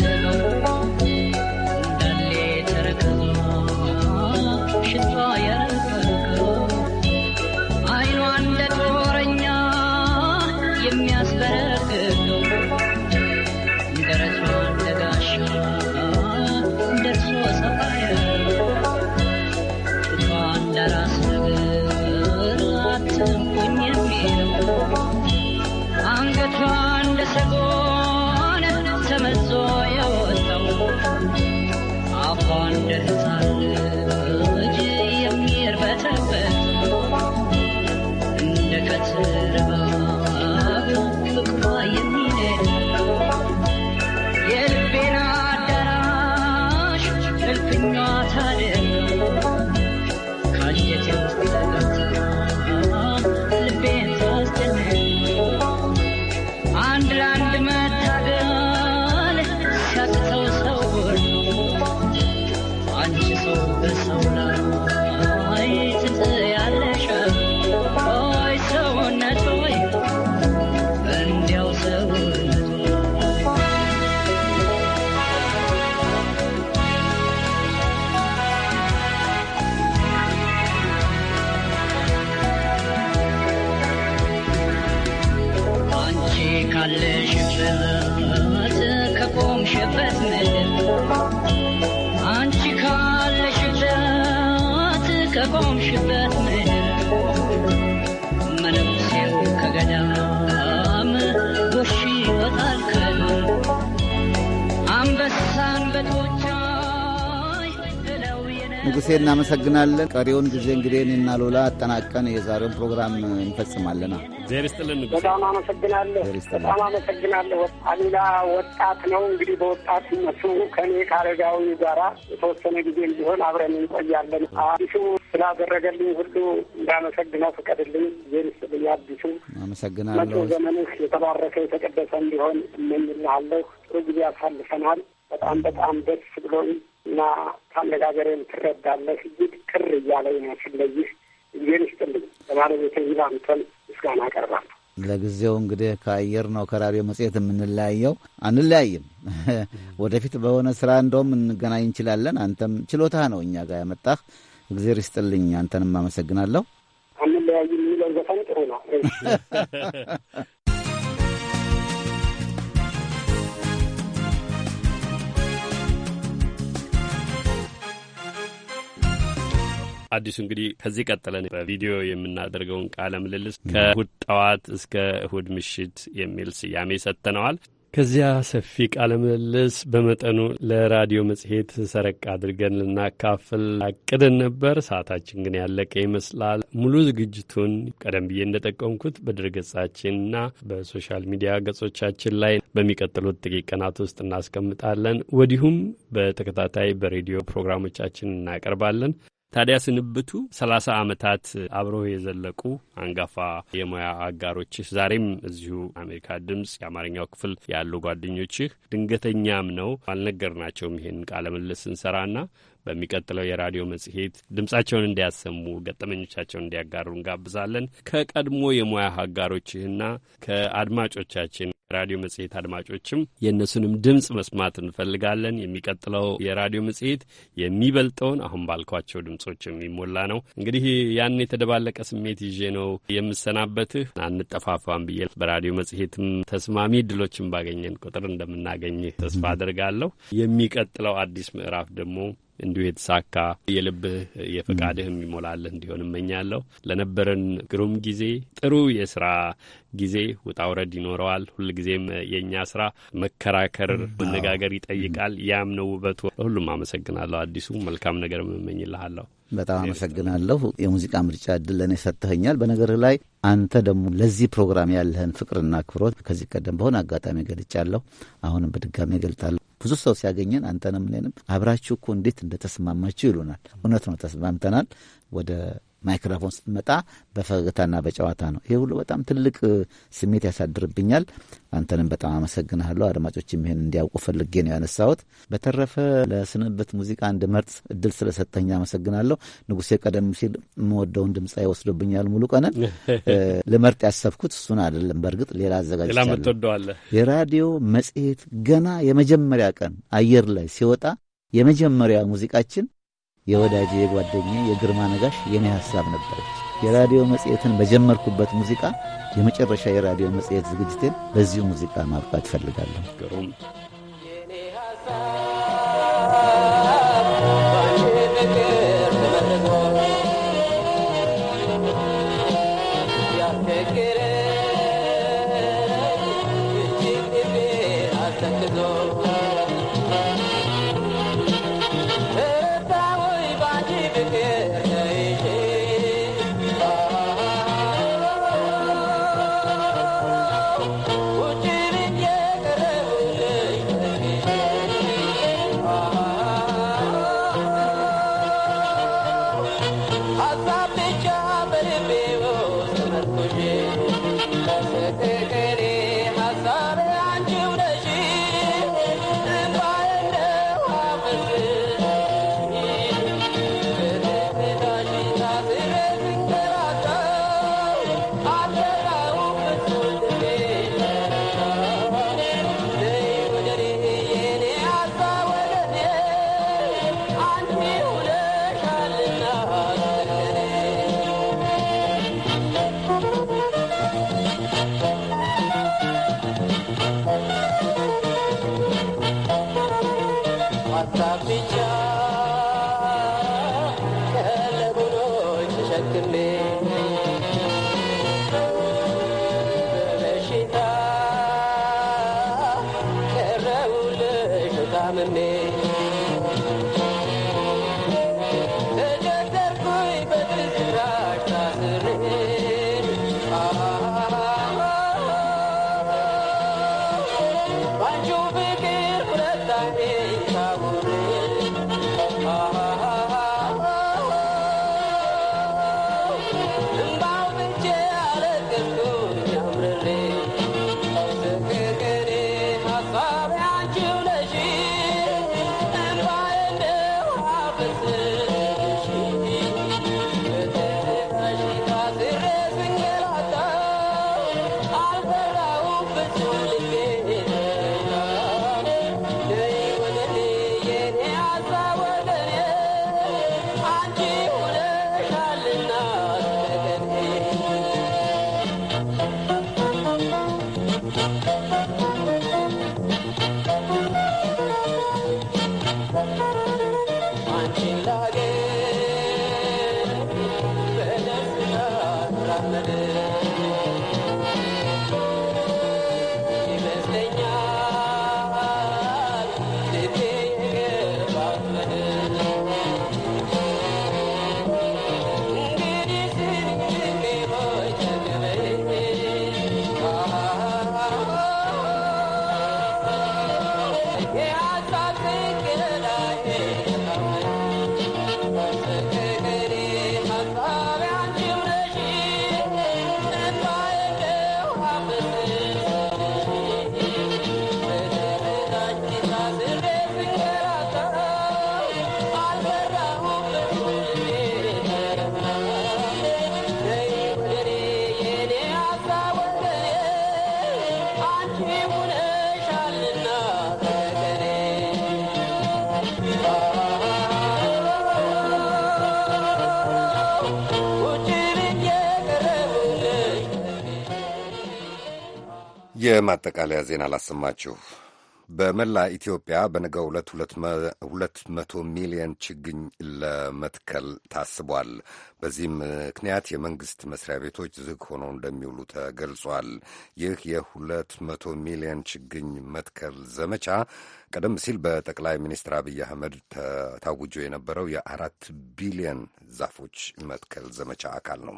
to ደምሴ እናመሰግናለን። ቀሪውን ጊዜ እንግዲህ እኔና ሎላ አጠናቀን የዛሬውን ፕሮግራም እንፈጽማለና ዜር ይስጥልን። በጣም አመሰግናለሁ። በጣም አመሰግናለሁ። አሉላ ወጣት ነው እንግዲህ በወጣት በወጣትነቱ ከኔ ከአረጋዊ ጋራ የተወሰነ ጊዜ እንዲሆን አብረን እንቆያለን። አዲሱ ስላደረገልኝ ሁሉ እንዳመሰግነው ፍቀድልኝ። ዜር ይስጥልኝ አዲሱ አመሰግናለሁ። መቶ ዘመንህ የተባረከ የተቀደሰ እንዲሆን እመኝልሃለሁ። ጥሩ ጊዜ አሳልፈናል። በጣም በጣም ደስ ብሎኝ እና ከአነጋገሬም ትረዳለህ እጅግ ቅር እያለኝ ነው ስለይህ እግዜር ይስጥልኝ ለባለቤት ይባንተን ምስጋና አቀርባለሁ። ለጊዜው እንግዲህ ከአየር ነው ከራዲዮ መጽሔት የምንለያየው። አንለያይም። ወደፊት በሆነ ስራ እንደውም እንገናኝ እንችላለን። አንተም ችሎታ ነው እኛ ጋር ያመጣህ። እግዜር ይስጥልኝ። አንተንም አመሰግናለሁ። አንለያይም የሚለው ዘፈን ጥሩ ነው። አዲሱ እንግዲህ ከዚህ ቀጥለን በቪዲዮ የምናደርገውን ቃለ ምልልስ ከእሁድ ጠዋት እስከ እሁድ ምሽት የሚል ስያሜ ሰጥተነዋል። ከዚያ ሰፊ ቃለ ምልልስ በመጠኑ ለራዲዮ መጽሔት ሰረቅ አድርገን ልናካፍል አቅደን ነበር። ሰዓታችን ግን ያለቀ ይመስላል። ሙሉ ዝግጅቱን ቀደም ብዬ እንደጠቀምኩት በድረ በሶሻል ሚዲያ ገጾቻችን ላይ በሚቀጥሉት ጥቂት ቀናት ውስጥ እናስቀምጣለን። ወዲሁም በተከታታይ በሬዲዮ ፕሮግራሞቻችን እናቀርባለን። ታዲያ ስንብቱ ሰላሳ ዓመታት አብረው የዘለቁ አንጋፋ የሙያ አጋሮችህ ዛሬም እዚሁ አሜሪካ ድምፅ የአማርኛው ክፍል ያሉ ጓደኞችህ ድንገተኛም ነው አልነገርናቸውም። ይሄን ቃለ ምልልስ ስንሰራና በሚቀጥለው የራዲዮ መጽሔት ድምጻቸውን እንዲያሰሙ ገጠመኞቻቸውን እንዲያጋሩ እንጋብዛለን። ከቀድሞ የሙያ አጋሮችህና ከአድማጮቻችን ራዲዮ መጽሔት አድማጮችም የእነሱንም ድምፅ መስማት እንፈልጋለን። የሚቀጥለው የራዲዮ መጽሔት የሚበልጠውን አሁን ባልኳቸው ድምጾች የሚሞላ ነው። እንግዲህ ያን የተደባለቀ ስሜት ይዤ ነው የምሰናበትህ። አንጠፋፋም ብዬ በራዲዮ መጽሔትም ተስማሚ እድሎችን ባገኘን ቁጥር እንደምናገኝህ ተስፋ አድርጋለሁ። የሚቀጥለው አዲስ ምዕራፍ ደግሞ እንዲሁ የተሳካ የልብህ የፈቃድህ የሚሞላልህ እንዲሆን እመኛለሁ። ለነበረን ግሩም ጊዜ፣ ጥሩ የስራ ጊዜ ውጣ ውረድ ይኖረዋል። ሁልጊዜም የእኛ ስራ መከራከር፣ መነጋገር ይጠይቃል። ያም ነው ውበቱ። ሁሉም አመሰግናለሁ። አዲሱ መልካም ነገር እመኝልሃለሁ። በጣም አመሰግናለሁ። የሙዚቃ ምርጫ እድል ለእኔ ሰጥተኸኛል። በነገርህ ላይ አንተ ደግሞ ለዚህ ፕሮግራም ያለህን ፍቅርና አክብሮት ከዚህ ቀደም በሆነ አጋጣሚ ገልጫለሁ። አሁንም በድጋሚ ገልጣለሁ። ብዙ ሰው ሲያገኘን አንተንም እኔንም አብራችሁ እኮ እንዴት እንደተስማማችሁ ይሉናል። እውነት ነው፣ ተስማምተናል። ወደ ማይክሮፎን ስትመጣ በፈገግታና በጨዋታ ነው። ይህ ሁሉ በጣም ትልቅ ስሜት ያሳድርብኛል። አንተንም በጣም አመሰግናለሁ። አድማጮችም ይህን እንዲያውቁ ፈልጌ ነው ያነሳሁት። በተረፈ ለስንብት ሙዚቃ እንድመርጥ እድል ስለሰጠኝ አመሰግናለሁ። ንጉሴ ቀደም ሲል የምወደውን ድምፃ ይወስዶብኛል። ሙሉ ቀንን ልመርጥ ያሰብኩት እሱን አይደለም። በእርግጥ ሌላ አዘጋጅቻለሁ። የራዲዮ መጽሔት ገና የመጀመሪያ ቀን አየር ላይ ሲወጣ የመጀመሪያ ሙዚቃችን የወዳጅ የጓደኛ የግርማ ነጋሽ የኔ ሀሳብ ነበረች። የራዲዮ መጽሔትን በጀመርኩበት ሙዚቃ የመጨረሻ የራዲዮ መጽሔት ዝግጅቴን በዚሁ ሙዚቃ ማብቃት እፈልጋለሁ። सामने የማጠቃለያ ዜና ላሰማችሁ በመላ ኢትዮጵያ በነገ ዕለት ሁለት መቶ ሚሊየን ችግኝ ለመትከል ታስቧል። በዚህም ምክንያት የመንግሥት መስሪያ ቤቶች ዝግ ሆነው እንደሚውሉ ተገልጿል። ይህ የሁለት መቶ ሚሊየን ችግኝ መትከል ዘመቻ ቀደም ሲል በጠቅላይ ሚኒስትር አብይ አህመድ ታውጆ የነበረው የአራት ቢሊየን ዛፎች መትከል ዘመቻ አካል ነው።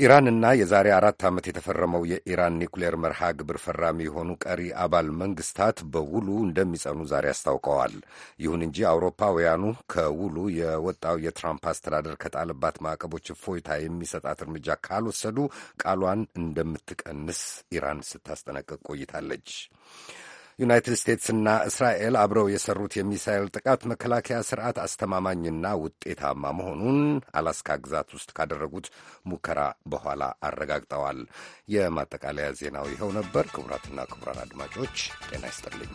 ኢራንና የዛሬ አራት ዓመት የተፈረመው የኢራን ኒውክሌር መርሃ ግብር ፈራሚ የሆኑ ቀሪ አባል መንግስታት በውሉ እንደሚጸኑ ዛሬ አስታውቀዋል። ይሁን እንጂ አውሮፓውያኑ ከውሉ የወጣው የትራምፕ አስተዳደር ከጣለባት ማዕቀቦች እፎይታ የሚሰጣት እርምጃ ካልወሰዱ ቃሏን እንደምትቀንስ ኢራን ስታስጠነቅቅ ቆይታለች። ዩናይትድ ስቴትስና እስራኤል አብረው የሰሩት የሚሳኤል ጥቃት መከላከያ ስርዓት አስተማማኝና ውጤታማ መሆኑን አላስካ ግዛት ውስጥ ካደረጉት ሙከራ በኋላ አረጋግጠዋል። የማጠቃለያ ዜናው ይኸው ነበር። ክቡራትና ክቡራን አድማጮች ጤና ይስጥልኝ።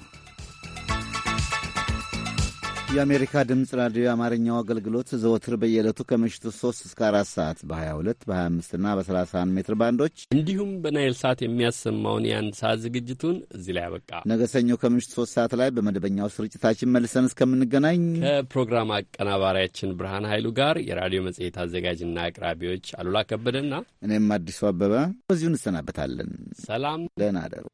የአሜሪካ ድምፅ ራዲዮ የአማርኛው አገልግሎት ዘወትር በየዕለቱ ከምሽቱ 3 እስከ 4 ሰዓት በ22 በ25ና በ31 ሜትር ባንዶች እንዲሁም በናይል ሰዓት የሚያሰማውን የአንድ ሰዓት ዝግጅቱን እዚህ ላይ ያበቃ። ነገ ሰኞ ከምሽቱ 3 ሰዓት ላይ በመደበኛው ስርጭታችን መልሰን እስከምንገናኝ ከፕሮግራም አቀናባሪያችን ብርሃን ኃይሉ ጋር የራዲዮ መጽሔት አዘጋጅና አቅራቢዎች አሉላ ከበደና እኔም አዲሱ አበበ በዚሁ እንሰናበታለን። ሰላም፣ ደህና አደሩ።